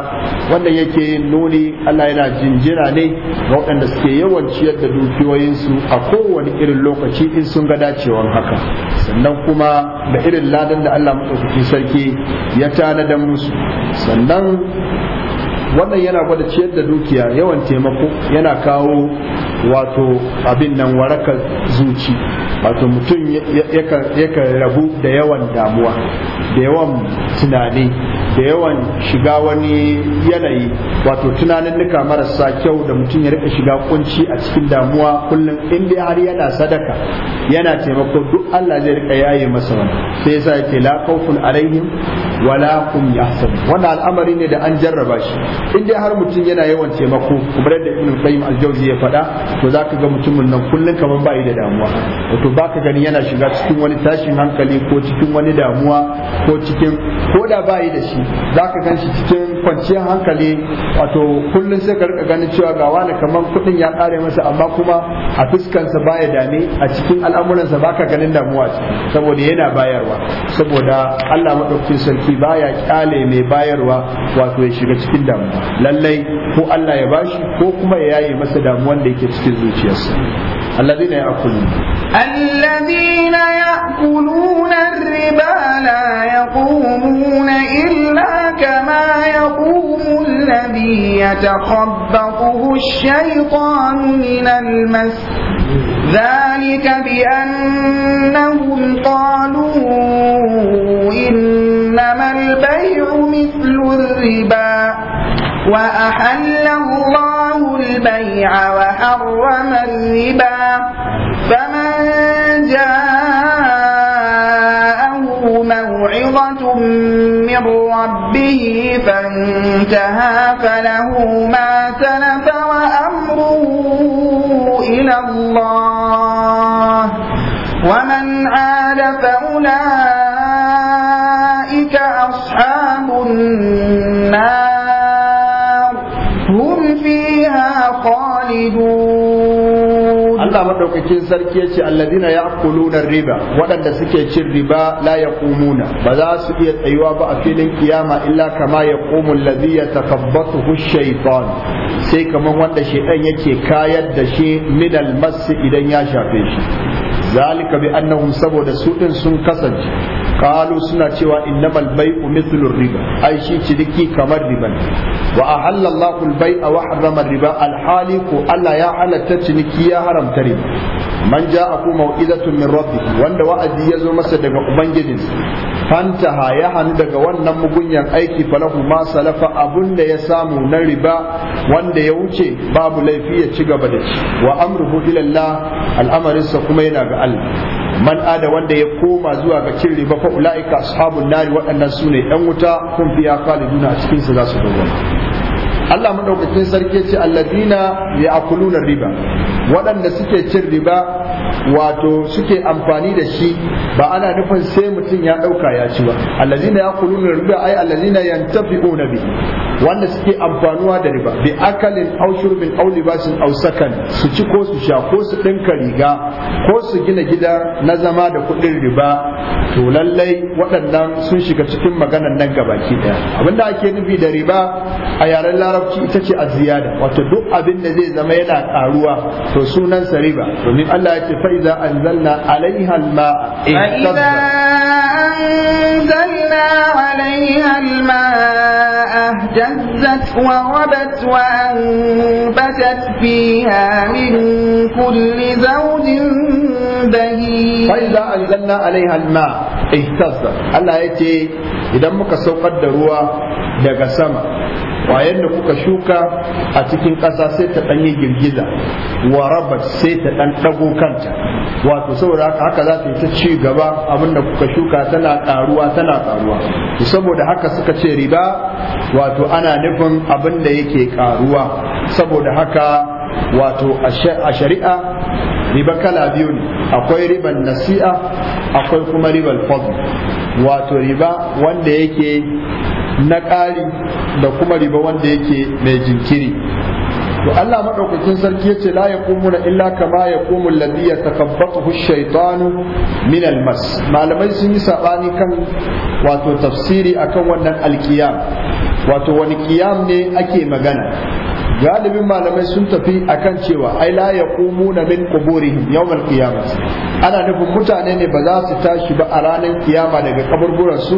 wannan yake nuni Allah yana jinjira ne ga waɗanda suke yawan tafiyar da dukiyoyinsu a kowane irin lokaci in sun ga dacewan haka sannan kuma da irin ladan da Allah maɗaukaki sarki ya tanada musu sannan wannan yana gwada ciyar da dukiya yawan taimako yana kawo wato abin nan warakar zuci wato mutum yakan rabu da yawan damuwa da yawan tunani da yawan shiga wani yanayi wato tunanin nuka marasa kyau da mutum ya rika shiga kunci a cikin damuwa kullum in dai har yana sadaka yana taimako duk Allah zai rika yaye masa wani sai yasa yake la khawfun alaihim wala kum yahzan wannan al'amari ne da an jarraba shi in har mutum yana yawan taimako kuma da ibnu Qayyim al-Jawzi ya faɗa to za ka ga mutumin nan kullum kamar ba yi da damuwa wato ba ka gani yana shiga cikin wani tashin hankali ko cikin wani damuwa ko cikin ko da ba yi da shi za ka gan shi cikin kwanciyar hankali wato kullum sai ka rika ganin cewa gawa wani kamar kuɗin ya ƙare masa amma kuma a fuskansa baya dame a cikin al'amuransa ba ka ganin damuwa saboda yana bayarwa saboda Allah maɗaukakin sarki baya ƙyale mai bayarwa wato ya shiga cikin damuwa lallai ko Allah ya bashi ko kuma ya yaye masa damuwan da yake ciki cikin zuciyarsa alladhina ya'kulun alladhina ya'kuluna ar-riba la yaqumuna illa kama yaqumu alladhi yatakhabbathu ash-shaytanu min al-mas ذلك بأنهم قالوا إنما البيع مثل الربا وأحل الله البيع وحرم الربا فمن جاءه موعظة من ربه فانتهى فله ما سلف وأمره إلى الله ومن عاد فأولئك أصحاب النار خالدون الله madaukakin sarki ya ce alladina ya'kuluna riba waɗanda suke cin riba la yaqumuna ba za su iya tsayuwa ba a filin kiyama illa kama yaqumu alladhi yatakabbathu shaytan sai kaman wanda shaytan yake kayar da shi min almas idan ya shafe shi zalika bi annahum saboda su din sun kasance qalu suna cewa innamal bai'u mithlu riba ai shi ciniki kamar riba wa a Allahu lakulbai a wa riba Alhali hali ko Allah ya halatta ciniki ya haramta riba man ja'aku mau'izatun min rabbih wanda wa'adi ya zo masa daga ubangijinsa fantaha ya hannu daga wannan mugunyan aiki falahu ma salafa abun da ya samu na riba wanda ya wuce babu laifi ya ci gaba da shi wa amruhu ilallah al'amarinsa kuma yana ga Allah man ada wanda ya koma zuwa ga cin riba fa ulaika ashabun nari waɗannan sune ɗan wuta kun fiya khaliduna a cikin su za su dawwama Allah madaukakin sarki ce alladina ya'kuluna riba waɗanda suke cin riba wato suke amfani da shi ba ana nufin sai mutum ya ɗauka ya ci ba alladina ya'kuluna riba ai alladina yantafi'una bi wanda suke amfanuwa da riba bi akalin aw shurbin aw libasin aw sakan su ci ko su sha ko su ɗinka riga ko su gina gida na zama da kuɗin riba to lallai waɗannan sun shiga cikin maganan nan gabaki ɗaya abinda ake nufi da riba a yaren larabci larabci ita ce aziyada wato duk abin da zai zama yana karuwa to sunan sa riba domin Allah ya ce fa iza anzalna alaiha alma'a idza anzalna alaiha alma'a ihtazzat wa rabat wa anbatat fiha min kulli zawjin بهيج فإذا أنزلنا عليها الماء اهتزت allah yace idan muka saukar da ruwa daga sama Wa da kuka shuka a cikin ƙasa sai ta ɗan yi girgiza wa rabat sai ta ɗan ɗago kanta wato saboda haka za ta yi ci gaba abinda kuka shuka tana ƙaruwa tana ƙaruwa saboda haka suka ce riba wato ana nufin abin da yake ƙaruwa saboda haka wato a shari'a riba kala biyu ne akwai riban nasi'a akwai kuma riban fadl wato riba wanda yake na ƙari da kuma riba wanda yake mai jinkiri to Allah madaukakin sarki yace la yaqumuna illa kama yaqumu alladhi yatakabbathu ash-shaytanu min al-mas malamai sun yi sabani kan wato tafsiri akan wannan alqiyam wato wani qiyam ne ake magana galibin malamai sun tafi akan cewa ai la yaqumuna min quburihim yawmal qiyamah ana nufin mutane ne ba za su tashi ba a ranar kiyama daga kaburburan su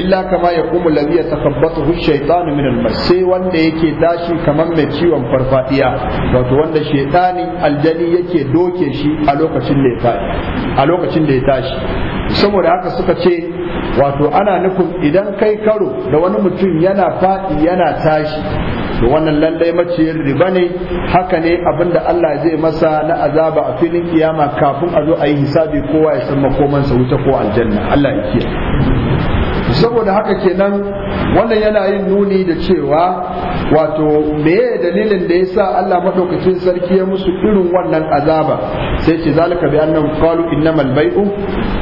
illa kama yaqumu allazi yatakabbathu shaytanu min al sai wanda yake tashi kamar mai ciwon farfadiya wato wanda shaytani aljani yake doke shi a lokacin da ya tashi a lokacin da ya tashi saboda haka suka ce wato ana nufin idan kai karo da wani mutum yana faɗi yana tashi to wannan lallai maciyar riba ne haka ne abinda Allah zai masa na azaba a filin kiyama kafin a zo a yi hisabi kowa ya san makomansa wuta ko aljanna Allah ya kiyaye saboda haka kenan wannan yana yin nuni da cewa wato meye dalilin da ya sa Allah madaukakin sarki ya musu irin wannan azaba sai ce zalika bi annahum qalu innamal bai'u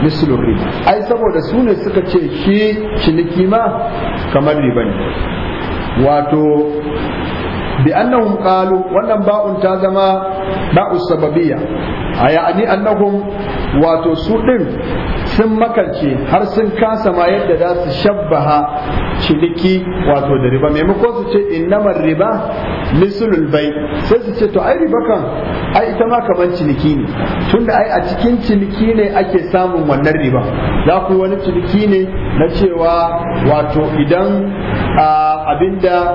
mislu riba ai saboda su ne suka ce shi ciniki ma kamar riba ne wato bi annahum qalu wannan ba'un ta zama ba'us sababiyya ayani annahum wato su ɗin sun makance har sun kasa ma yadda za su shabbaha ciniki wato da riba Maimakon su ce innamar riba misulul bai sai su ce to ai riba kan ai ita ma kamar ciniki ne tunda ai a cikin ciniki ne ake samun wannan riba za ku wani ciniki ne na cewa wato idan abinda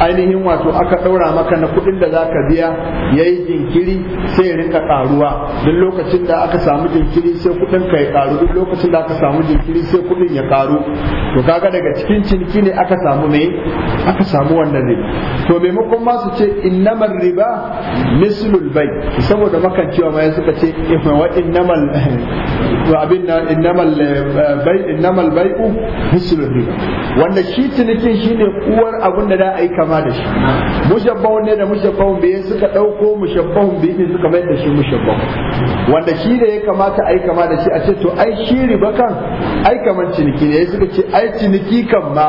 ainihin wato aka ɗaura maka na kuɗin da za ka biya ya yi jinkiri sai ya rinka ƙaruwa duk lokacin da aka samu jinkiri sai kuɗin ka ya ƙaru. duk lokacin da aka samu jinkiri sai kuɗin ya ƙaru. to kaga daga cikin ciniki ne aka samu me aka samu wannan ne to maimakon ma su ce innamar riba mislul bai saboda makan cewa ma suka ce wa innamal innamal eh, bai innamal bai'u mislul riba wanda shi ciniki mutum ne uwar abin da za a yi kama da shi mushabbahun ne da mushabbahun bai suka ɗauko mushabbahun bai suka mai da shi mushabbahun wanda shi da ya kamata a yi kama da shi a ce to ai shi riba kan ai kamar ciniki ne suka ce ai ciniki kan ma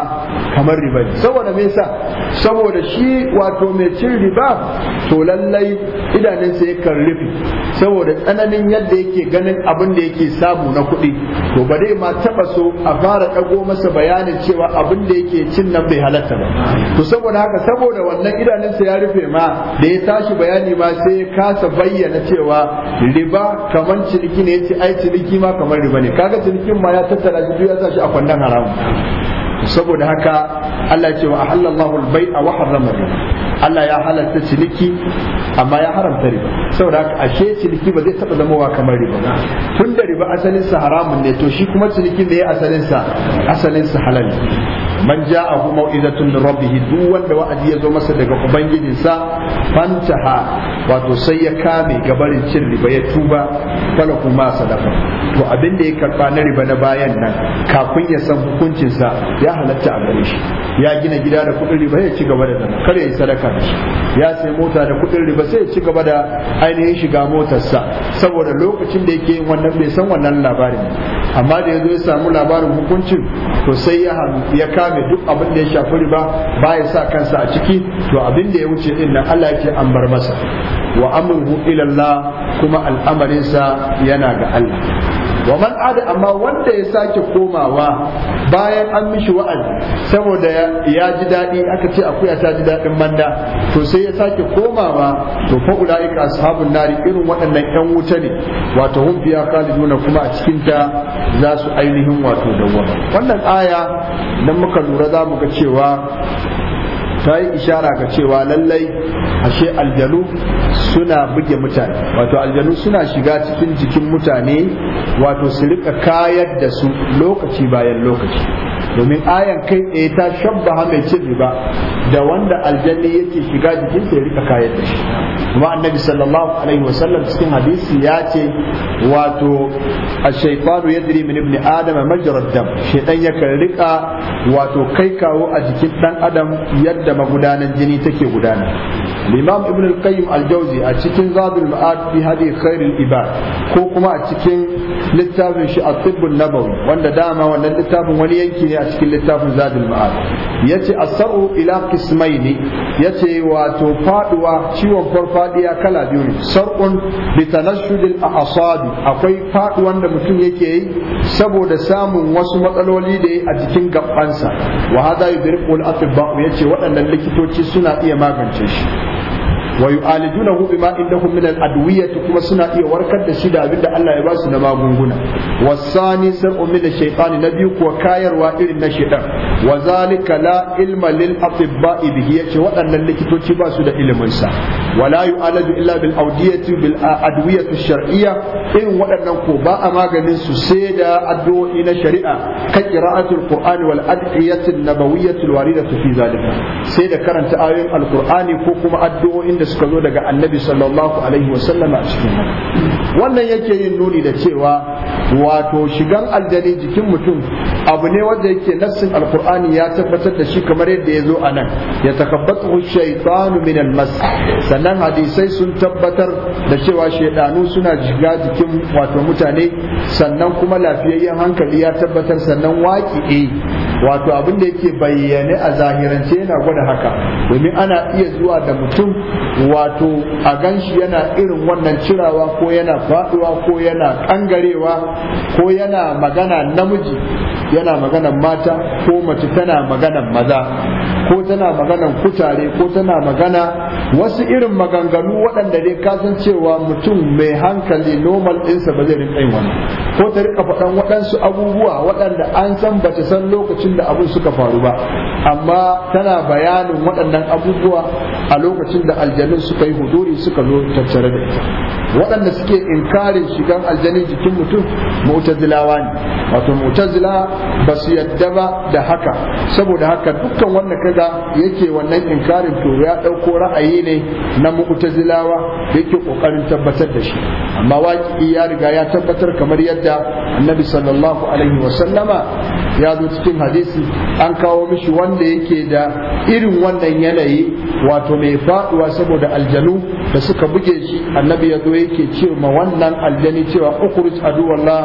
kamar riba ne saboda me yasa saboda shi wato mai cin riba to lallai idanunsa kan rufe saboda tsananin yadda yake ganin abin da yake samu na kuɗi to ba dai ma taɓa so a fara ɗago masa bayanin cewa abin da yake cin din nan bai halatta ba to saboda haka saboda wannan idanunsa ya rufe ma da ya tashi bayani ma sai ya kasa bayyana cewa riba kamar ciniki ne yace ai ciniki ma kamar riba ne kaga cinikin ma ya tattara shi ya sa shi a kwandon haramu saboda haka Allah ya ce wa ahallallahu al-bai'a wa harrama riba Allah ya halatta ciniki amma ya haramta riba saboda haka ashe ciniki ba zai taba zamowa kamar riba tun da riba asalin sa haramun ne to shi kuma ciniki ne asalin sa asalin sa halal man hu mau'izatun min rabbih duk wanda wa'azi ya zo masa daga sa fantaha wato sai ya kame gabarin cin riba ya tuba kala kuma sadaka to abin da ya karba na riba na bayan nan kafin ya san hukuncin sa ya halatta a gare shi ya gina gida da kuɗin riba ya ci gaba da zama kar ya yi sadaka shi ya sai mota da kuɗin riba sai ci gaba da ainihin shiga motarsa saboda lokacin da yake yin wannan bai san wannan labarin amma da ya zo ya samu labarin hukuncin to sai ya ya kame duk abin da ya shafi riba ba ya sa kansa a ciki to abin da ya wuce din nan Allah yake an bar masa wa amruhu ila Allah kuma al'amarinsa yana ga Allah wa man ada amma wanda ya sake komawa bayan an mishi wa'azi saboda ya ji daɗi aka ce akuya ta ji daɗin manda to sai ya sake komawa to fa ulaika ashabun nari irin waɗannan ƴan wuta ne wato hum fiha khaliduna kuma a cikin ta za su ainihin wato dawwama wannan aya dan muka lura za mu ga cewa ta yi ishara ga cewa lallai ashe aljanu suna buge mutane wato aljanu suna shiga cikin jikin mutane wato su rika kayar da su lokaci bayan lokaci domin ayan kai tsaye ta shabbaha mai cin riba da wanda aljanni yake shiga jikin ya rika kayan da shi kuma annabi sallallahu alaihi wasallam cikin hadisi ya ce wato ash-shaytanu yadri min ibn adama majra dam shaytan yakan rika wato kai kawo a jikin dan adam yadda magudanan jini take gudana Limam Ibn al al-Jawzi a cikin Zadul Ma'ad fi Hadi Khairul ko kuma a cikin littafin shi At-Tibbun wanda dama wannan littafin wani yanki ne a cikin littafin Zadul Ma'ad yace as-sar'u ila qismaini yace wato faduwa ciwon farfadiya kala biyu ne sar'un bi tanashshudil a'sab akwai faduwan da mutum yake yi saboda samun wasu matsaloli da yi a jikin gabansa wa hada yudriku al-atibba yace waɗannan likitoci suna iya magance shi wa yu'alijunahu bima indahum min al-adwiyah kuma suna iya warkar da shi da abin da Allah ya ba su na magunguna wasani sar'u min na biyu kuwa kayarwa irin na shaytan wa zalika la ilma lil atibba'i waɗannan likitoci ba su da ilimin sa wala yu'alaju illa bil awdiyati bil shariyya irin waɗannan ko ba a maganin su sai da addu'o'i na shari'a ka qira'atul qur'ani wal ad'iyati an-nabawiyyati al-waridati fi zalika sai da karanta ayoyin al-qur'ani ko kuma suka zo daga annabi sallallahu alaihi wasallam a cikin wannan yake yin nuni da cewa wato shigan aljani jikin mutum abu ne wanda yake nassin alqur'ani ya tabbatar da shi kamar yadda ya zo a nan ya takabbatu shaytanu min almas sannan hadisai sun tabbatar da cewa shaydanu suna shiga jikin wato mutane sannan kuma lafiyayyen hankali ya tabbatar sannan eh wato abin da yake bayyane a zahirance yana gwada haka domin ana iya zuwa da mutum wato a ganshi yana irin wannan cirawa ko yana faduwa ko yana kangarewa ko yana magana namiji yana magana mata ko mace tana magana maza ko tana maganan kutare ko tana magana wasu irin maganganu waɗanda dai kasan cewa mutum mai hankali normal ɗinsa ba zai rinka yin ko ta rika faɗan waɗansu abubuwa waɗanda an san ta san lokacin da abin suka faru ba amma tana bayanin waɗannan abubuwa a lokacin da aljanun suka yi huduri suka zo tattare da ita waɗanda suke inkarin shigan aljanin jikin mutum mu'tazilawa ne wato mu'tazila ba su yadda ba da haka saboda haka dukkan wannan da yake wannan inkarin to ya ɗauko ra'ayi ne na mu'tazilawa da yake ƙoƙarin tabbatar da shi amma waƙi ya riga ya tabbatar kamar yadda annabi sallallahu alaihi wasallama ya zo cikin hadisi an kawo mishi wanda yake da irin wannan yanayi wato mai faɗuwa saboda aljanu da suka buge shi annabi ya zo yake ce ma wannan aljani cewa ukhruj aduwallah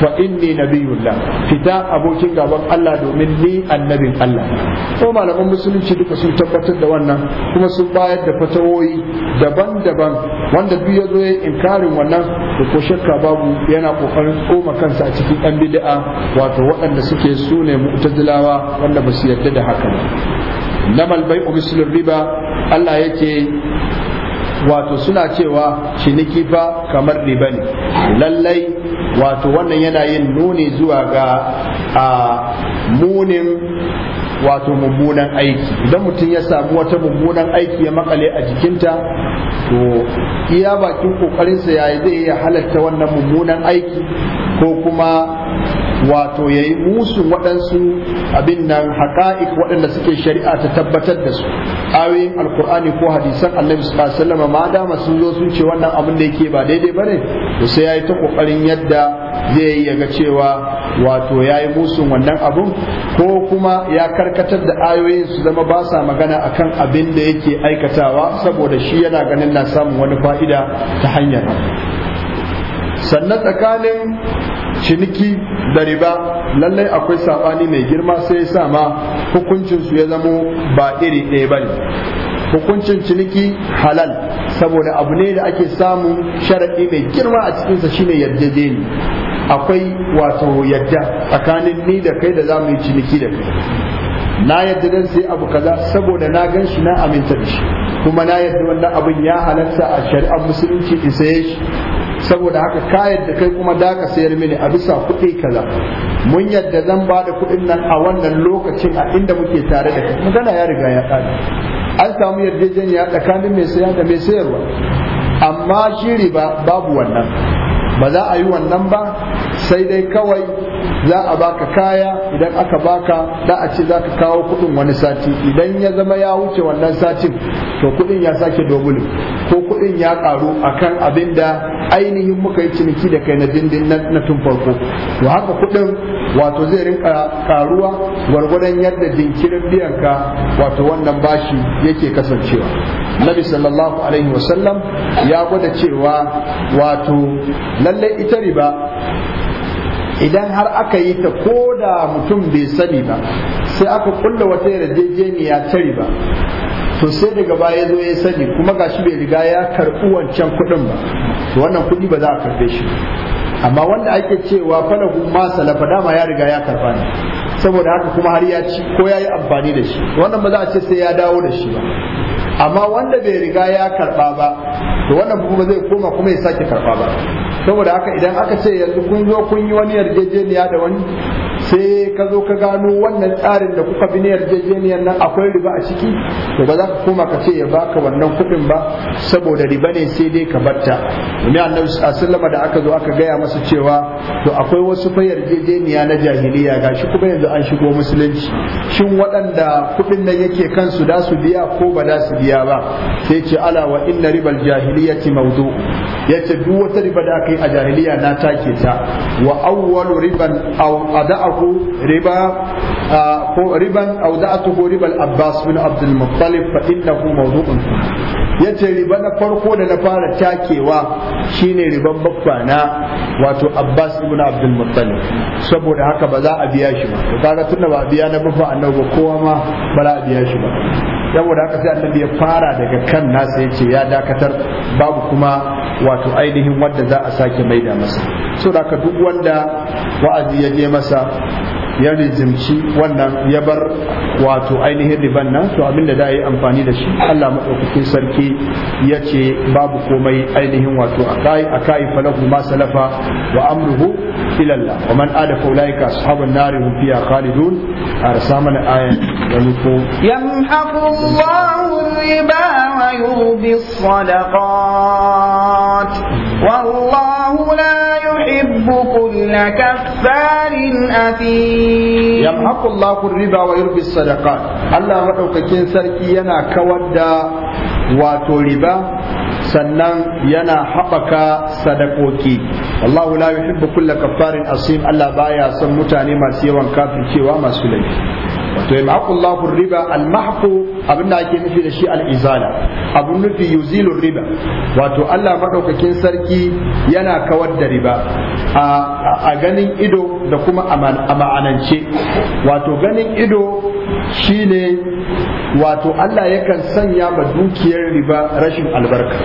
fa inni nabiyullah fita abokin gaban Allah domin ni annabin Allah ko malaman musulunci duka sun tabbatar da wannan kuma sun bayar da fatawoyi daban-daban wanda duk ya zo inkarin wannan to ko shakka babu yana kokarin koma kansa a cikin ɗan bid'a wato waɗanda suke sune mu'tazilawa wanda ba su yarda da haka ba lamal bai'u mislul riba Allah yake wato suna cewa ciniki fa kamar riba ne lallai wato wannan yana yin nuni zuwa ga a munin wato mummunan aiki idan mutum ya samu wata mummunan aiki ya makale a jikinta to iya bakin kokarinsa yayi zai iya halatta wannan mummunan aiki ko kuma wato ya yi musu waɗansu abin nan haƙa'ik waɗanda suke shari'a ta tabbatar da su ayoyin alkur'ani ko hadisan annabi sallallahu alaihi wasallam ma dama sun zo sun ce wannan abin da yake ba daidai bane to sai yayi ta kokarin yadda zai yi ga cewa wato yayi musun wannan abun ko kuma ya karkatar da ayoyin su zama ba sa magana kan abin da yake aikatawa saboda shi yana ganin na samun wani fa'ida ta hanyar sannan tsakanin ciniki da riba lallai akwai sabani mai girma sai ya sa ma hukuncinsu ya zamo ba iri ɗaya ba ne hukuncin ciniki halal saboda abu ne da ake samun sharaɗi mai girma a cikinsa shine ne akwai wato yadda tsakanin ni da kai da za mu yi ciniki da kai na yadda zan sai abu kaza saboda na gan shi na aminta da shi kuma na yadda wannan abin ya halarta a shari'ar musulunci in saye shi saboda haka ka yadda kai kuma da ka sayar mini a bisa kuɗi kaza mun yadda zan ba da kuɗin nan a wannan lokacin a inda muke tare da kai magana ya riga ya ƙare an samu yarjejeniya tsakanin mai saya da mai sayarwa amma shiri riba babu wannan ba za a yi wannan ba sai dai kawai za a baka kaya idan aka baka da a ce za ka kawo kuɗin wani sati idan ya zama ya wuce wannan satin to kuɗin ya sake dobulu kuɗin ya ƙaru kan abin da ainihin muka yi ciniki da kai na dindin na tun farko to haka kuɗin wato zai rinka ƙaruwa gwargwadon yadda jinkirin biyan ka wato wannan bashi yake kasancewa nabi sallallahu alaihi wasallam ya gwada cewa wato lallai ita riba idan har aka yi ta ko da mutum bai sani ba sai aka kulla wata yarjejeniya ta riba to sai daga baya zo ya sani kuma ga shi bai riga ya karɓi wancan kuɗin ba to wannan kuɗi ba za a karɓe shi amma wanda ake cewa falahu ma salafa dama ya riga ya karɓa ne saboda haka kuma har ya ci ko ya yi amfani da shi wannan ba za a ce sai ya dawo da shi ba amma wanda bai riga ya karɓa ba to wannan kuma zai koma kuma ya sake karɓa ba saboda haka idan aka ce yanzu kun zo kun yi wani yarjejeniya da wani sai ka zo ka gano wannan tsarin da kuka bi na yarjejeniyar nan akwai riba a ciki to ba za ka koma ka ce ya baka wannan kuɗin ba saboda riba ne sai dai ka batta domin annabi sallama da aka zo aka gaya masa cewa to akwai wasu fa yarjejeniya na jahiliya gashi kuma yanzu an shigo musulunci shin waɗanda kuɗin nan yake kansu da su biya ko ba da su biya ba sai ce ala wa inna ribal jahiliyati mawdu yace duk wata riba da aka yi a jahiliya na take ta wa awwalu riban aw ada'a معه ربا آه، ربا أودعته ربا العباس بن عبد المطلب فإنه موضوع فيه ya ce riba na farko da na fara takewa shine riban babba na wato Abbas ibn Abdul Muttalib saboda haka ba za a biya shi ba to kaga tunda ba biya na babba annabi ba kowa ma ba za a biya shi ba saboda haka sai annabi ya fara daga kan nasa ya ce ya dakatar babu kuma wato ainihin wanda za a sake maida masa saboda haka duk wanda wa'azi ya je masa ya rizimci wannan ya bar wato ainihin riban nan to abin da za a yi amfani da shi Allah maɗaukakin sarki ya ce babu komai ainihin wato a kai falahu ma salafa wa amruhu ilallah wa man ada faulaika ashabun nari hum fiha khalidun arsa mana ayan da nuku yamhaqu Allahu riba wa yubi sadaqat wallahu la يحب كل كفار أثيم يمحق الله الربا ويربي الصدقات الله مدوكاكين سركي ينا كودا واتو sannan yana haɓaka sadakoki Allah la yuhibbu kulla kaffarin asim Allah baya son mutane masu yawan kafircewa masu laifi to yamhaqullahu riba al abin abinda ake nufi da shi alizala abun nufi yuzilun riba wato Allah maɗaukakin sarki yana kawar da riba a ganin ido da kuma a ma'anance wato ganin ido shine wato Allah yakan sanya ma dukiyar riba rashin albarka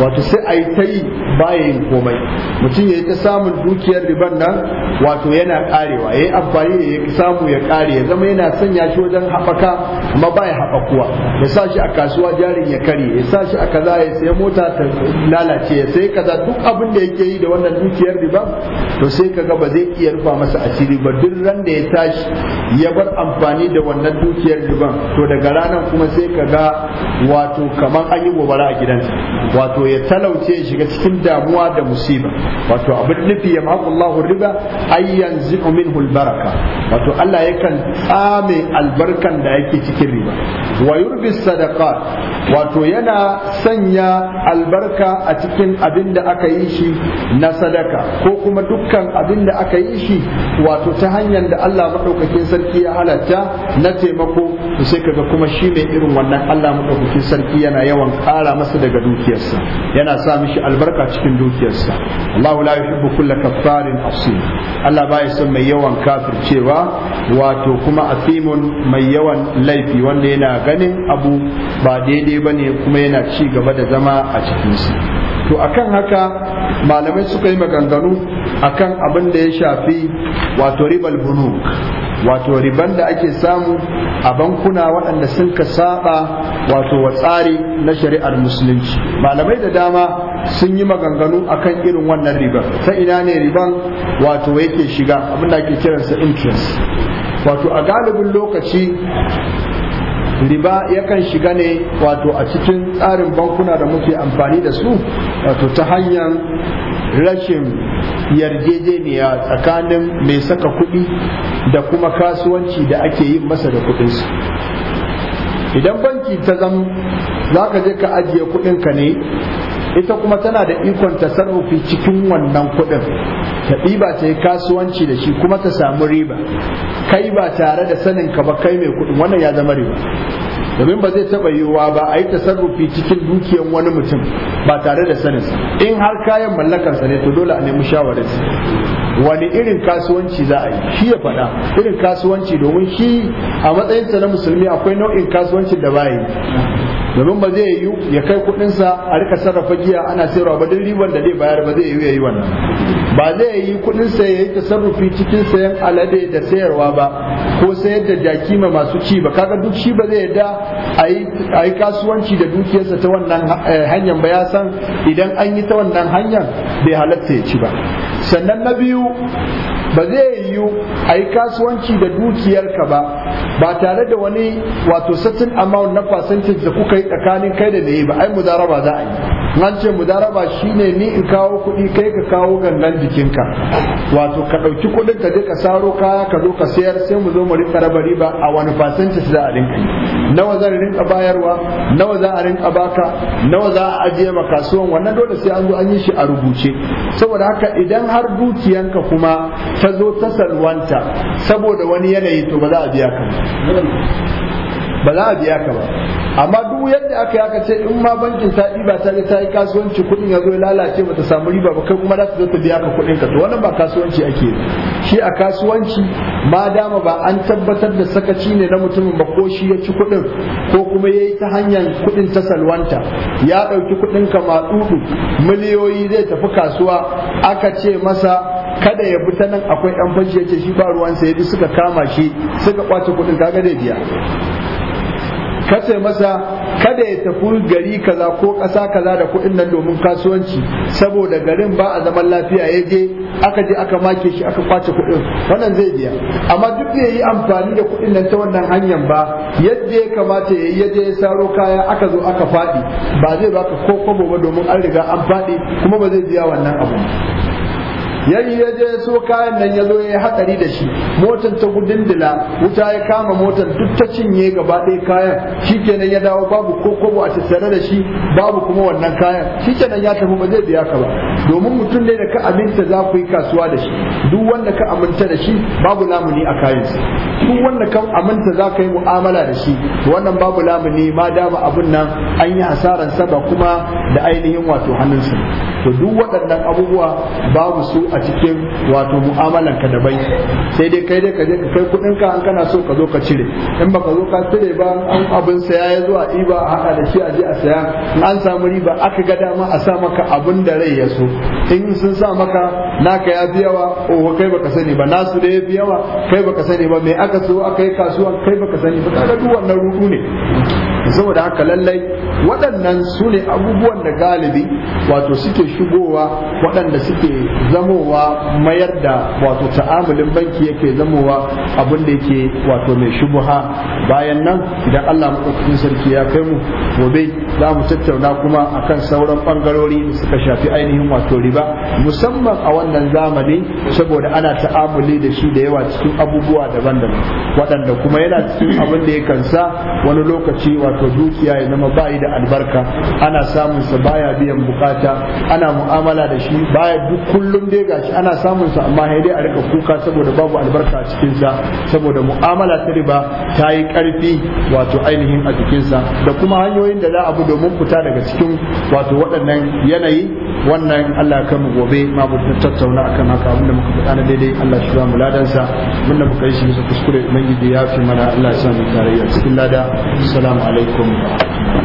wato sai a yi ta yi bayan yin komai mutum ya yi ta samun dukiyar riban nan wato yana karewa ya yi amfani ya samu ya kare ya zama yana sanya shi wajen haɓaka amma baya haɓakuwa ya sa shi a kasuwa jarin ya kare ya sa shi a kaza ya sai mota ta lalace ya sai kaza duk abin da yake yi da wannan dukiyar riba to sai kaga ba zai iya rufa masa asiri ba duk ran da ya tashi ya bar amfani da wannan dukiyar riban to daga ranar kuma sai ka ga wato kamar an yi gobara a gidansa wato ya talauce shiga cikin damuwa da musiba wato abin nufi ya maku Allahu riba ai yanzu min baraka wato Allah yakan tsame albarkan da yake cikin riba wa yurbi sadaqat wato yana sanya albarka a cikin abin da aka yi shi na sadaka ko kuma dukkan abin da aka yi shi wato ta hanyar da Allah maɗaukakin sarki ya halatta na taimako sai kaga kuma shi mai irin wannan Allah madaukakin sarki yana yawan ƙara masa daga dukiyarsa yana sa mishi albarka cikin dukiyarsa Allahu la yuhibbu kulla kaffarin asim Allah baya son mai yawan kafircewa wato kuma asimun mai yawan laifi wanda yana ganin abu ba daidai bane kuma yana ci gaba da zama a cikin cikinsa to akan haka malamai suka yi maganganu akan abin da ya shafi wato ribal bunuk wato riban da ake samu a bankuna waɗanda sun ka saba wato wa tsari na shari'ar musulunci malamai da dama sun yi maganganu akan irin wannan riban ta ina ne riban wato yake shiga abin da ake kiransa interest wato a galibin lokaci riba yakan shiga ne wato a cikin tsarin bankuna da muke amfani da su wato ta hanyar rashin yarjejeniya tsakanin mai saka kuɗi da kuma kasuwanci da ake yin masa da kuɗinsu idan banki ta zama za ka je ka ajiye kuɗinka ne ita kuma tana da ikon tasarrufi cikin wannan kuɗin ta ɗiba ta yi kasuwanci da shi kuma ta samu riba kai ba tare da sanin ka ba kai mai kuɗin wannan ya zama riba domin ba zai taɓa yiwuwa ba a yi tasarrufi cikin dukiyar wani mutum ba tare da saninsa in har kayan mallakarsa ne to dole a nemi shawararsa wani irin kasuwanci za a yi shi ya faɗa irin kasuwanci domin shi a matsayinsa na musulmi akwai nau'in kasuwanci da ba yi domin ba zai yiwu ya kai kudinsa a rika sarrafa giya ana sayarwa ba duk riban da zai bayar ba zai yiwu ya yi wannan ba zai yi kudinsa ya yi tasarrufi cikin sayan alade da sayarwa ba ko sayar da jaki ma masu ci ba kaga duk shi ba zai yarda a yi kasuwanci da dukiyarsa ta wannan eh, hanyar ba ya san idan an yi ta wannan hanyar bai halatta ya ci ba sannan na biyu ba zai yiwu a yi kasuwanci da dukiyarka ba ba tare da wani wato satin amount na percentage da kuka yi tsakanin kai da yi ba ai ba za a yi an ce shi shine ni in kawo kuɗi kai ka kawo gangan jikinka wato ka ɗauki kuɗin ka je ka saro kaya ka zo ka sayar sai mu zo mu rinka raba riba a wani fasinja za a rinka nawa zan rinka bayarwa nawa za a rinka baka nawa za a ajiye ma kasuwan wannan dole sai an zo an yi shi a rubuce saboda haka idan har dukiyanka kuma ta zo ta salwanta saboda wani yanayi to ba za a biya ka ba za a biya ka ba amma duk yadda aka yi aka ce in ma bankin ta ɗiba ta ta yi kasuwanci kuɗin ya zo ya lalace ba ta samu riba ba kai kuma za ta zo ta biya ka kuɗin ka to wannan ba kasuwanci ake yi shi a kasuwanci ma dama ba an tabbatar da sakaci ne na mutumin ba ko shi ya ci kuɗin ko kuma ya yi ta hanyar kuɗin ta salwanta ya ɗauki kuɗin ka miliyoyi zai tafi kasuwa aka ce masa kada ya bi ta nan akwai ɗan fashi yace shi ba ruwan sa ya yaji suka kama shi suka kwace kuɗin kaga da biya ka ce masa kada ya tafi gari kaza ko ƙasa kaza da kuɗin nan domin kasuwanci saboda garin ba a zaman lafiya ya je aka je aka make shi aka kwace kuɗin wannan zai biya amma duk da yi amfani da kuɗin nan ta wannan hanyar ba yadda ya kamata ya yi ya je ya saro kaya aka zo aka faɗi ba zai baka ko kwabo ba domin an riga an faɗi kuma ba zai biya wannan abu yayi ya je so kayan nan ya zo ya hatsari da shi motar ta gudundula wuta ya kama motar duk ta cinye gaba ɗaya kayan shikenan ya dawo babu ko kobo a tattare da shi babu kuma wannan kayan shikenan ya tafi ba zai biya ka ba domin mutum ne da ka aminta za ku yi kasuwa da shi duk wanda ka aminta da shi babu lamuni a kayan kayansa duk wanda ka aminta za ka yi mu'amala da shi wannan babu lamuni ma dama abun nan an yi sa ba kuma da ainihin wato hannun hannunsa to duk waɗannan abubuwa babu su a cikin wato mu'amalan ka da bai sai dai kai dai ka je ka kai kuɗin ka an kana so ka zo ka cire in baka zo ka cire ba an abin saya ya zo a iba a haɗa da shi a je a saya in an samu riba aka ga dama a sa maka abin da rai ya so in sun sa maka naka ya fi yawa oh kai baka sani ba nasu da ya fi yawa kai baka sani ba me aka so aka yi kasuwa kai baka sani ba kaga duk wannan rudu ne saboda haka lallai waɗannan su ne abubuwan da galibi wato suke shigowa waɗanda suke zamowa mayar da wato ta'amulin banki yake zamowa abin da yake wato mai shubuha bayan nan idan Allah maɗaukakin sarki ya kai mu gobe za mu tattauna kuma akan sauran ɓangarori da suka shafi ainihin wato riba musamman a wannan zamani saboda ana ta'amuli da shi da yawa cikin abubuwa daban-daban waɗanda kuma yana cikin abin da ya kansa wani lokaci wato dukiya ya zama bayi da da albarka ana samun sa baya biyan bukata ana mu'amala da shi baya duk kullum dai gashi ana samun sa amma dai a rika kuka saboda babu albarka a cikin sa saboda mu'amala ta riba ta yi karfi wato ainihin a cikin sa da kuma hanyoyin da za a bi domin fita daga cikin wato waɗannan yanayi wannan Allah kan mu gobe ma mu tattauna akan haka abinda muka faɗa na daidai Allah shi ba mu ladan sa mun muka yi shi bisa kuskure ubangiji ya fi mana Allah ya sa mu tarayya cikin lada assalamu alaikum